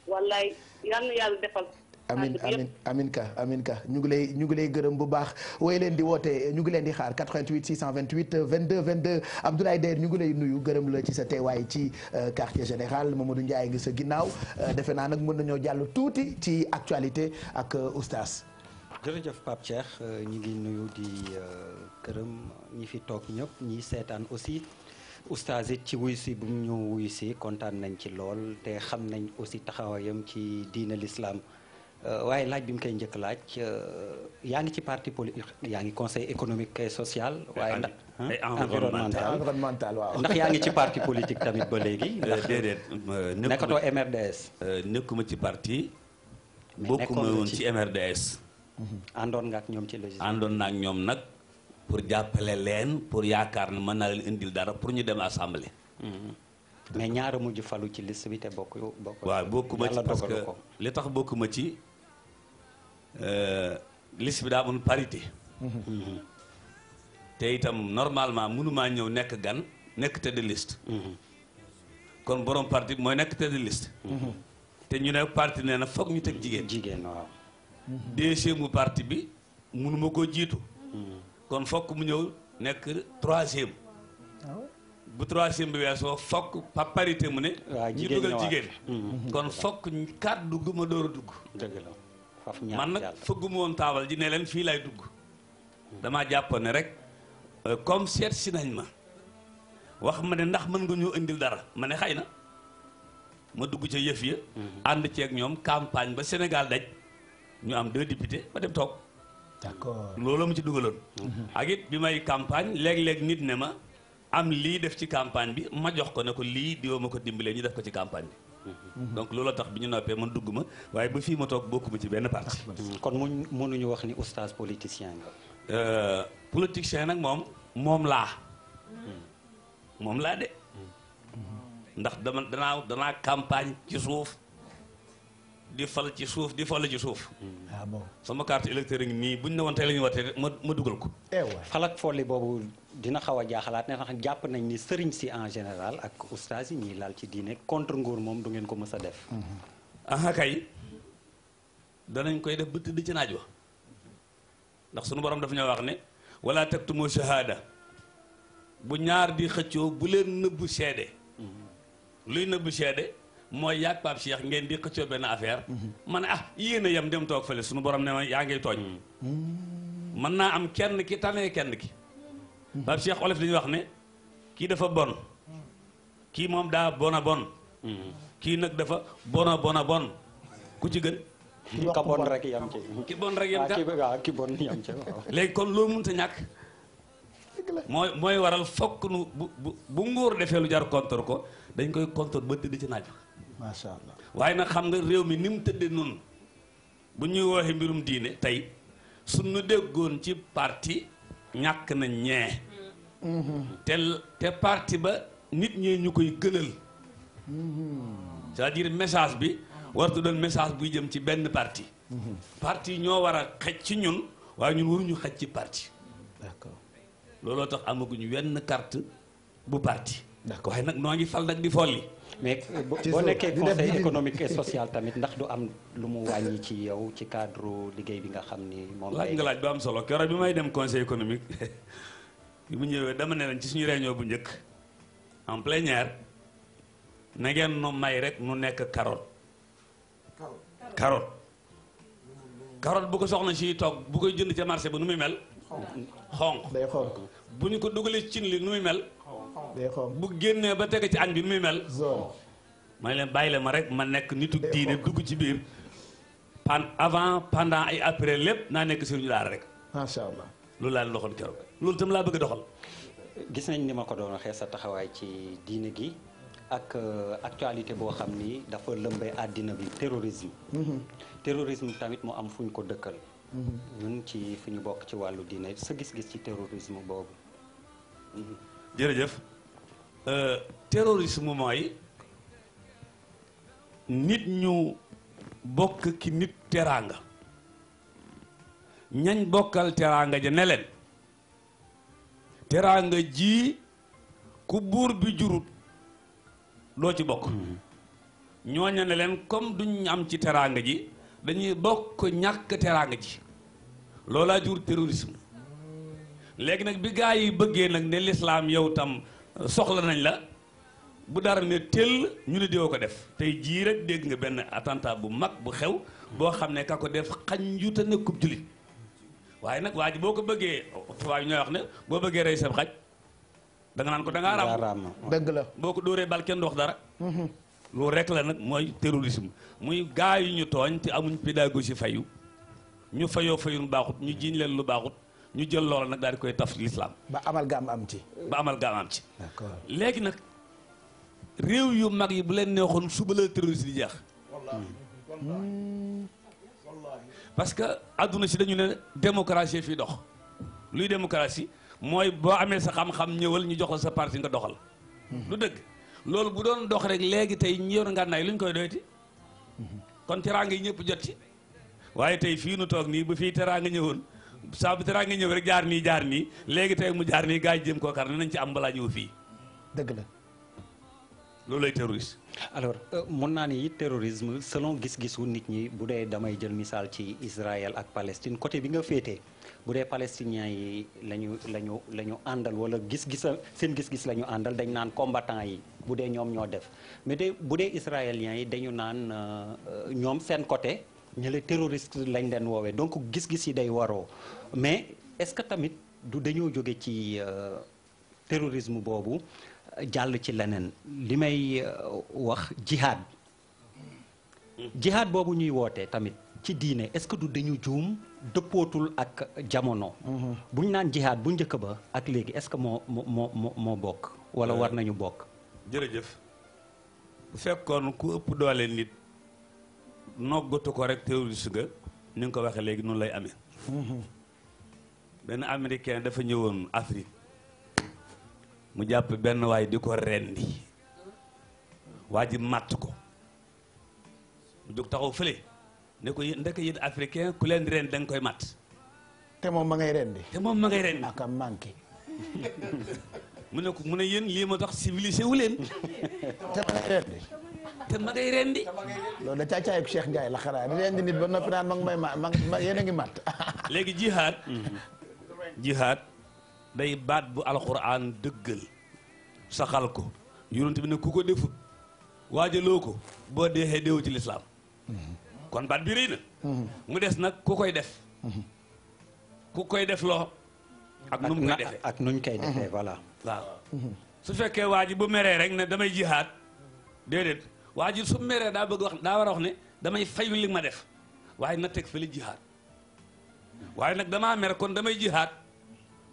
wallaay yal na yàlla defal. amin amin amin ka amin ka ñu ngi lay ñu ngi lay gërëm bu baax wooy leen di wootee ñu ngi leen di xaar 88 628 22 22 Abdoulaye Der ñu ngi lay nuyu gërëm la ci sa teewaay ci euh, quartier général moom Mamadou Ndiaye ngi sa ginnaaw euh, defe naa nag mën nañoo jàll tuuti ci actualité ak oustaz. jërëjëf Pape Cheikh euh, ñi ngi nuyu di këram euh, ñi fi toog ñëpp ñi seetaan aussi oustaz ci wuy si bu mu ñu wuy si kontaan nañ ci lool te xam nañ aussi yam ci diina l'islam euh, waaye laaj bi mu koy njëkk laaj yaa ngi ci parti politique yaa ngi conseil économique et social. waaye ndax environnemental environnemental waaw. ndax yaa ngi ci parti politique tamit ba léegi. déedéet nekkatoo MRDS. nekkuma ci parti. bokkuma woon ci MRDS. àndoon nga ak ñoom ci logistique. àndoon na ak ñoom nag pour jàppale leen pour yaakaar ne mën naa leen indil dara pour ñu dem assemblée. Mm-hmm. mais ñaara mujj falu ci liste bi te bokk bokk. waaw bokkuma ci parce que li tax bokkuma ci euh, liste bi daa amoon parité. Mm-hmm. te itam normalement mënumaa ñëw nekk gan nekk tête de mm-hmm. kon borom parti mooy nekk tête de te ñu ne parti nee na foog ñu teg jigéen. jigéen waaw. deuxième parti bi munuma koo jiitu. kon fokk mu ñëw nekk troisième. bu troisième bi weesoo fokk pa parité mu ne. ñi dugal jigéen. Mm-hmm. kon fokk kàddu gu ma door a dugg. dëgg la man nag fëgguma woon taabal ji ne leen fii lay dugg. damaa jàppoon ne rek euh, comme seet si nañ ma wax ma ne ndax mën nga ñoo indil dara ma ne xëy na ma dugg ca yëf ya mm-hmm. ànd ceeg ñoom campagne ba Sénégal daj. ñu am deux députés ma dem toog. d'accord loolu mu ci dugaloon. ak it bi may campagne léeg-léeg nit ne ma am lii def ci campagne bi ma jox ko ne ko lii diwa ma ko dimbalee ñu def ko ci campagne bi. Mhm. donc looloo tax bi ñu noppee man dugg ma waaye ba fii ma toog bokkuma ci benn parti. Mhm. kon mu ñu wax ni oustaz politicien nga. Euh, politicien nag moom moom laa. Mhm. moom laa de. ndax dama danaa danaa campagne ci suuf. di fal ci suuf di fal ci suuf. ah bon sama carte électeur ngi nii buñ ne woon tey la ñuy watee ma ma dugal ko. Eh fal ak folli boobu dina xaw a jaaxalaat ne jàpp nañ ni sëriñ si en général ak ustaas yi ñuy laal ci diine contre nguur moom du ngeen ko mës a def. ah kay danañ koy def bët di ci naaj wa ndax sunu borom dafa ñoo wax ne wala taktumu shahada bu ñaar di xëccoo bu leen nëbbu seede. Mm-hmm. luy nëbbu seede. mooy yàgg Pape Cheikh ngeen di xëccoo benn affaire. man ne ah yéen a yem dem toog fële suñu borom ne ma yaa ngi tooñ. mën naa am kenn ki tane kenn ki. Pape Cheikh olof dañuy wax ne kii dafa bon. kii moom daa bon a bon. kii nag dafa bon a a bon ku ci gën. ka bon rek yam ci ki bon rek yam ci ki bon yam ci léegi kon loo mënta ñàkk. mooy mooy waral fokk nu bu bu nguur defee lu jar contre ko dañ koy contre ba tëdd ci naaj. macha allah waaye nag xam nga réew mi ni mu tëddee noonu bu ñuy waxee mbirum diine tey suñu déggoon ci parti ñàkk nañ ñee te te parti ba nit ñee ñu koy gënal cest à message bi wartu doon message buy jëm ci benn parti parti ñoo war a xaj ci ñun waaye ñun waruñu xaj ci parti d'accord looloo tax amaguñu wenn kart bu parti d'accord waaye nag noo ngi fal nag di folli mais euh, boo nekkee conseil économique et social tamit ndax du am lu mu wàññi ci yow ci cadre liggéey bi nga xam ni moom laaj nga laaj ba am solo keroog bi may dem conseil économique bi mu ñëwee dama ne leen ci suñu réunion bu njëkk en plénière na ngeen nu may rek nu nekk carotte carotte carotte bu ko soxna si toog bu koy jënd ca marché ba nu muy mel xonq bu ñu ko dugalee cin li nu muy mel day xonq bu génnee ba teg ci añ bi muy mel. ma leen bàyyi la ma rek ma nekk nitu diine dugg ci biir. pan avant pendant ay après lépp naa nekk sëriñu daara rek. macha allah loolu laa leen doxoon keroog loolu itam laa bëgg doxal. gis nañ ni ma ko doon waxee sa taxawaay ci diine gi ak euh, actualité boo xam ni dafa lëmbee àddina bi terrorisme. Mhm. terrorisme tamit mu am fu ñu ko dëkkal. Mhm. ñun ci fu ñu bokk ci wàllu diine sa gis-gis ci terrorisme boobu. Mhm. jërëjëf euh, terrorisme mooy nit ñu bokk ki nit teraanga ñañ bokkal teraanga ja ne teraanga ji ku buur bi jurut doo ci bokk mm-hmm. ñooña ne leen comme duñ am ci teraanga ji dañuy bokk ñàkk teraanga ji loolaa jur terrorisme léegi nag bi gaa yi bëggee nag ne lislaam yow tam euh, soxla nañ la bu dara ne tëll ñu ne diwoo ko def tey jii rek dégg nga benn attentat bu mag bu xew boo xam ne ka ko def xanjuta nekkub jullit waaye nag waa ji boo ko bëggee tubaab yu ñooy wax ne boo bëggee rey sab xaj da naan ko da raam dëgg la boo ko dóoree bal kenn dox dara mm-hmm. loolu rek nag mooy terrorisme muy gaa yu ñu tooñ te amuñ pédagogie fayu ñu fayoo fayun baaxut ñu jiiñ leen lu baaxut ñu jël loola nag daal di koy taf lislaam ba amal gaam am ci. ba amal gaam am ci. léegi nag réew yu mag yi bu leen neexoon suba la terroriste di jeex. Hmm. parce que adduna si dañu ne démocratie fii dox luy démocratie mooy boo amee sa xam-xam ñëwal ñu jox la sa parti nga doxal. lu dëgg loolu bu doon dox rek léegi tey ñi yor ngànnaay luñ koy doyti. kon teraanga yi ñëpp jot ci. waaye tey fii nu toog nii bu fii teraanga ñëwoon. saa bu ngi ñëw rek jaar nii jaar nii léegi te mu jaar nii gaa yi jëm koo nañ ci am balaa ñëw fii. dëgg na loolu lay terroriste. alors euh, mun naa ni terrorisme selon gis-gisu nit ñi bu dee damay jël misaal ci Israël ak Palestine côté bi nga féetee bu dee palestiniens yi la ñu la ñu la àndal wala gis-gisa seen gis-gis lañu àndal dañ naan combattant yi bu dee ñoom ñoo def mais de bu dee israéliens yi dañu naan euh, ñoom seen côté. ñu ne terroriste lañ leen woowee donc gis-gis yi day waroo mais est-ce que tamit du dañoo jóge ci euh, terrorisme boobu euh, jàll ci leneen li may euh, wax jihad. jihad boobu ñuy woote tamit ci diine est-ce que du dañu juum dëppootul ak jamono. Mm-hmm. buñ naan jihad bu njëkk ba ak léegi est-ce que moo moo moo moo bokk. wala war nañu bokk. jërëjëf bu fekkoon ku ëpp doole nit. noggatu ko rek terroriste ga ni nga ko waxee léegi noonu lay amee. benn américain dafa ñëwoon Afrique mu jàpp benn waay di ko rendi waa ji màtt ko mu jóg taxaw fële ne ko ndeke yéen africain ku leen rendi danga koy màtt. te moom ma ngay rendi. te moom ma ngay rendi. manqué. mu ne ko mu ne yéen lii ma tax civilisé wu leen. te ma ngay rendi. te ma ngay rendi loolu da caacaayuk Cheikh Ndiaye la xanaa rendi nit ba noppi naan ma ngi may ma ma yéen a ngi mat léegi jihaad jihaad day baat bu alxuraan dëggal saxal ko yonent bi ne ku ko defut waajaloo ko boo deexee déewu ci lislaam kon baat bi rëy na mu des nag ku koy def ku koy def loo ak nu mu koy koy defee waaw su fekkee waa ji bu meree rek ne damay jihaad déedéet waajur su meree daa bëgg wax daa war wax ne damay fayu li ma def waaye na teg fële jihaad waaye nag damaa mer kon damay jihaad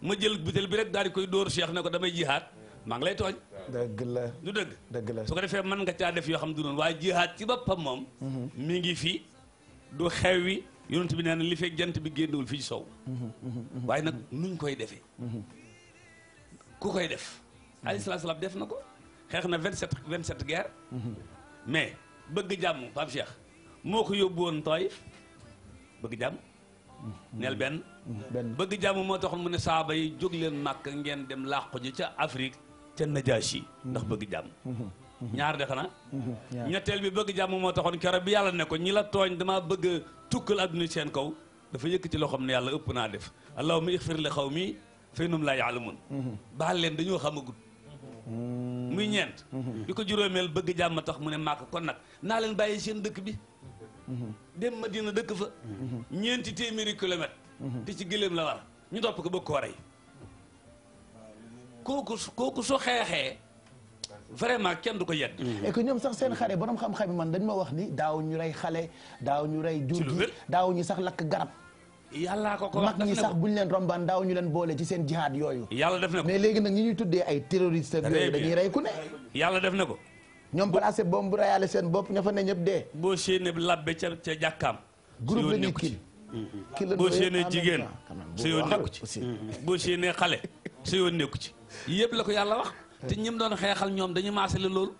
ma jël butéel bi rek daal di koy dóor seex na ko damay jihaad maa ngi lay tooñ. dëgg la dëgg. dëgg la su ko defee mën nga caa def yoo xam du noonu waaye jihaad ci boppam moom. Mhm. mii ngi fi du xewwi yonent bi nee na li fekk jant bi génnewul fii sow. Mhm, mhm, waaye nag nuñ koy defee. ku koy def. alayhi salaam def na ko xeex na 27 27 guerre. mais bëgg jàmm Pape Cheikh moo ko yóbbu woon Taif bëgg jàmm. neel benn. bëgg jàmm moo taxoon mu ne saaba yi jóg leen màkk ngeen dem làqu ji ca Afrique ca Najaasi ndax bëgg jàmm. ñaar de xanaa. ñetteel bi bëgg jàmm moo taxoon keroog bi yàlla ne ko ñi la tooñ damaa bëgg a tukkal adduna seen kaw dafa yëkkati loo xam ne yàlla ëpp naa def allahumma ixfir li xaw mi fay num laa yaalamun mhm. baal leen dañoo xamagut. muy ñeent. bi ko juróomeel bëgg jàmm tax mu ne màkk kon nag naa leen bàyyi seen dëkk bi. dem Madina dëkk fa. ñeenti téeméeri kilomètre. te ci gëléem la war ñu topp ko bëgg ko rey. kooku kooku su xeexee. vraiment kenn du ko yedd et ñoom sax seen xare borom xam-xam man dañ ma wax ni daaw ñu rey xale daaw ñu rey jur gi daaw ñu sax lakk garab. yàllaa ko ko wax mag ñi sax bu leen rombaan daaw ñu leen boole ci seen jihaad yooyu. yàlla def na ko mais léegi nag ñi ñuy tuddee ay terroriste ak yooyu dañuy ne. ko. ñoom placé bomb bu rayaale seen bopp ña fa ne ñëpp dee. boo séenee labbe ca ca jàkkaam. groupe la ñuy kil. kil la boo séenee jigéen sa yoon nekku ci boo séenee xale sa yoon nekku ci yëpp la ko yàlla wax. te ñim doon xeexal ñoom dañu maasale loolu.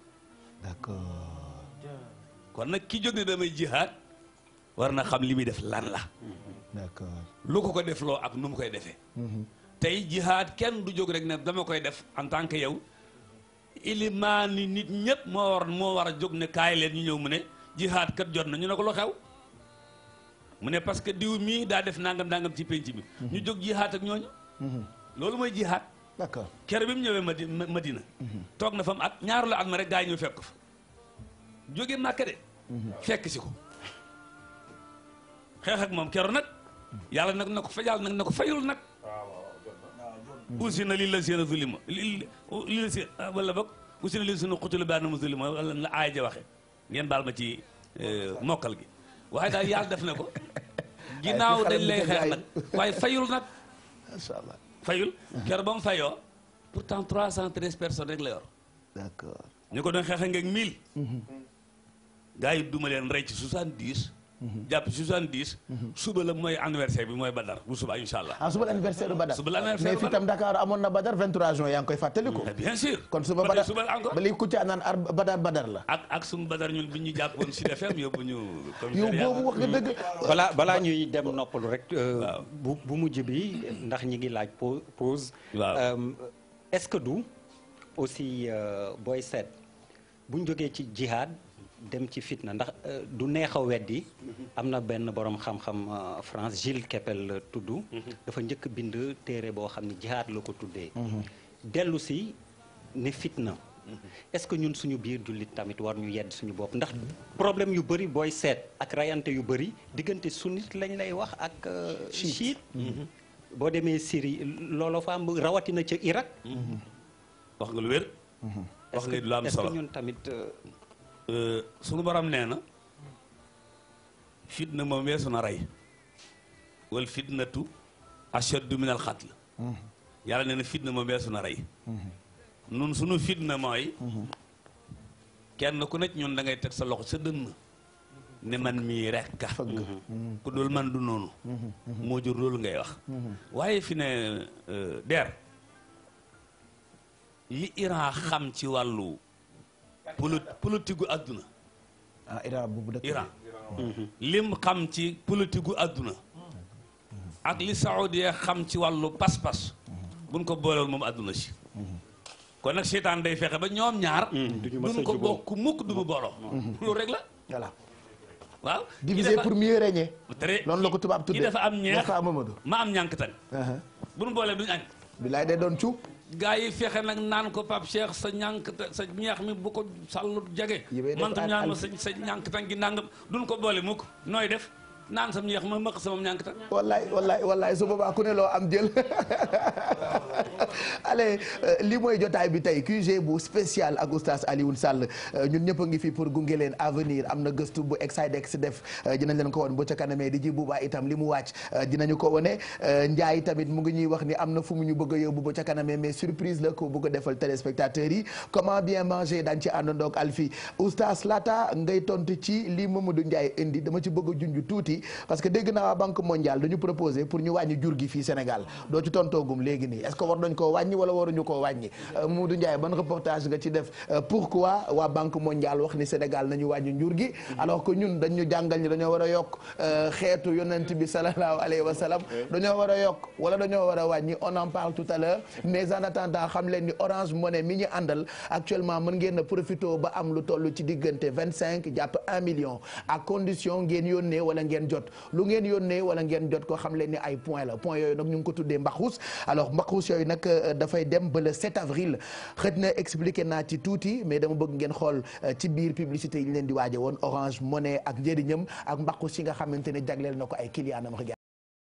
d'accord. kon nag ki jóg ne damay jihaad war na xam li muy def lan la. d'accord lu ko ko def loo ak nu mu koy defee. Mhm. tey jihaad kenn du jóg rek ne dama koy def en tant que yow. ilimaani nit ñëpp moo war moo war a jóg ne kaay leen ñu ñëw mu ne jihaad kat jot na ñu ne ko lu xew. mu ne parce que diw mii daa def nangam nangam ci penc bi. Mhm. ñu jóg jihaad ak ñooñu. Mhm. loolu mooy jihaad. d'accord kere bi mu ñëwee ma di ma dina toog na fa mu at ñaaru la at ma rek gaa ñu fekk fa. jóge Màkka de. fekk si ko. xeex ak moom keroog nag. yàlla nag na ko fa yàlla nag na ko fayul nag. usina lil lazina zulima lil lil ah, wala boog usina lil lazina qutilu bi annahum zulima wala la aaya ja waxe ngeen baal ma ci eh, mokkal gi waaye daal yàlla def na ko ginnaaw dañ lay xeex nag waaye fayul nag macha allah fayul keroog ba mu fayoo pourtant trois cent treize personnes rek la yor ko doon xeex a ngeeg mille mhm. gars yi duma leen rey ci soixante-dix jàpp soixante-dix suba la mooy anniversaire bi mooy Badar bu suba incha allah ah suba la anniversaire Badar suba la anniversaire mais amoon na Badar 23 juin koy fàttaliku bien sûr kon suba Badar suba encore ba li la ak ak suñu Badar bi ñu jàpp woon Sud FM yóbbu ñu yow balaa balaa ñuy dem noppalu rek euh, bu mujj bi ndax ñi ngi laaj pause waaw euh, ce que du aussi euh, booy seet buñ jógee ci jihad dem ci fitna ndax euh, du neex a weddi mhm. am na benn boroom xam-xam euh, France Gilles Kepel euh, tudd mhm. dafa njëkk bind téere boo xam ne jihaad la ko tuddee mhm. dellu si ne fitna est-ce que ñun suñu biir jullit tamit war ñu yedd suñu bopp ndax problème yu bëri booy seet ak rayante yu bari diggante sunnit lañ lay wax ak chiite boo demee Syrie looloo fa am rawatina ca Irak wax nga lu wér wax ñun tamit Euh, sunu borom nee na fitna moom weesu na rey wal fitnatu ashaddu min al xatl yàlla nee na fitna moom weesu na rey nun sunu fitna mooy kenn ku nekk ñun da teg sa loxo sa dënn ne man mii rekk ku dul man du noonu moo jur loolu ngay wax waaye fi ne euh, der yi Iran xam ci wàllu politique gu àdduna. ah Iran bu dëkk Iran. lim xam ci politique àdduna. ak li Saoudia xam ci wàllu pas-pas. buñ ko booleel moom àdduna si. kon nag seetaan day fexe ba ñoom ñaar. Mm. duñ ko bokk mukk du mu booloo. Mm-hmm. loolu rek la voilà. waaw diviser pour mieux régner. très noonu la ko tubaab tuddee. ki dafa am ñeex ma am ñànk tan. bu nu duñ añ. bilaay day doon cuub. gaa yi fexe nag naan ko pap Cheikh sa ñànk sa ñeex mi bu ko sàllu jage man tam ñaan ma sa sa ñànk tangi nangam duñ ko boole mukk nooy def naan sam ñeex ma maq sama ñànk ta wallaay wallaay wallaay su boobaa ku ne am jël allez euh, li mooy jotaay bi tey QG bu spécial ak oustaz Alioune Sall euh, ñun ñëpp a ngi fi pour gunge leen avenir am na gëstu bu Exidex def euh, dinañ leen ko woon bu ca kanamee di ji buubaa itam lii mu wàcc dinañu ko wone Ndiaye tamit mu ngi ñuy wax ni am na fu mu ñu bëgg a yóbbu bu ca kanamee mais surprise la ko bëgg a defal téléspectateurs yi comment bien manger dañ ci àndandoog Alfi oustaz laata ngay tontu ci li Mamadou Ndiaye indi dama ci bëgg a junj tuuti parce que dégg naa waa banque mondiale dañu proposé pour ñu wàññi jur gi fii Sénégal doo ci tontoogum léegi nii est-ce que war nañ koo wàññi wala waruñu koo wàññi euh, Moudou Ndiaye ban reportage nga ci def euh, pourquoi waa banque mondiale wax ni Sénégal nañu wàññi njur gi alors que ñun dañu jàngal ñi dañoo war a yokk euh, xeetu yonent bi sallallahu alayhi wa sallam dañoo war a yokk wala dañoo war a wàññi on en parle tout à l'heure mais en attendant xam leen ni Orange Money mi ñu àndal actuellement mën ngeen a profité ba am lu toll ci diggante vingt cinq jàpp million à condition ngeen yónnee wala ngeen jot lu ngeen yónnee wala ngeen jot ko xam leen ni ay point la point yooyu nag ñu ngi ko tuddee mbaxus alors mbaxus yooyu nag euh, dafay dem ba le 7 avril xëy na expliqué naa ci tuuti mais dama bëgg ngeen xool euh, ci biir publicité yi ñu leen di waaje woon Orange Money ak njëriñam ak mbaxus yi nga xamante ne jagleel na ko ay client am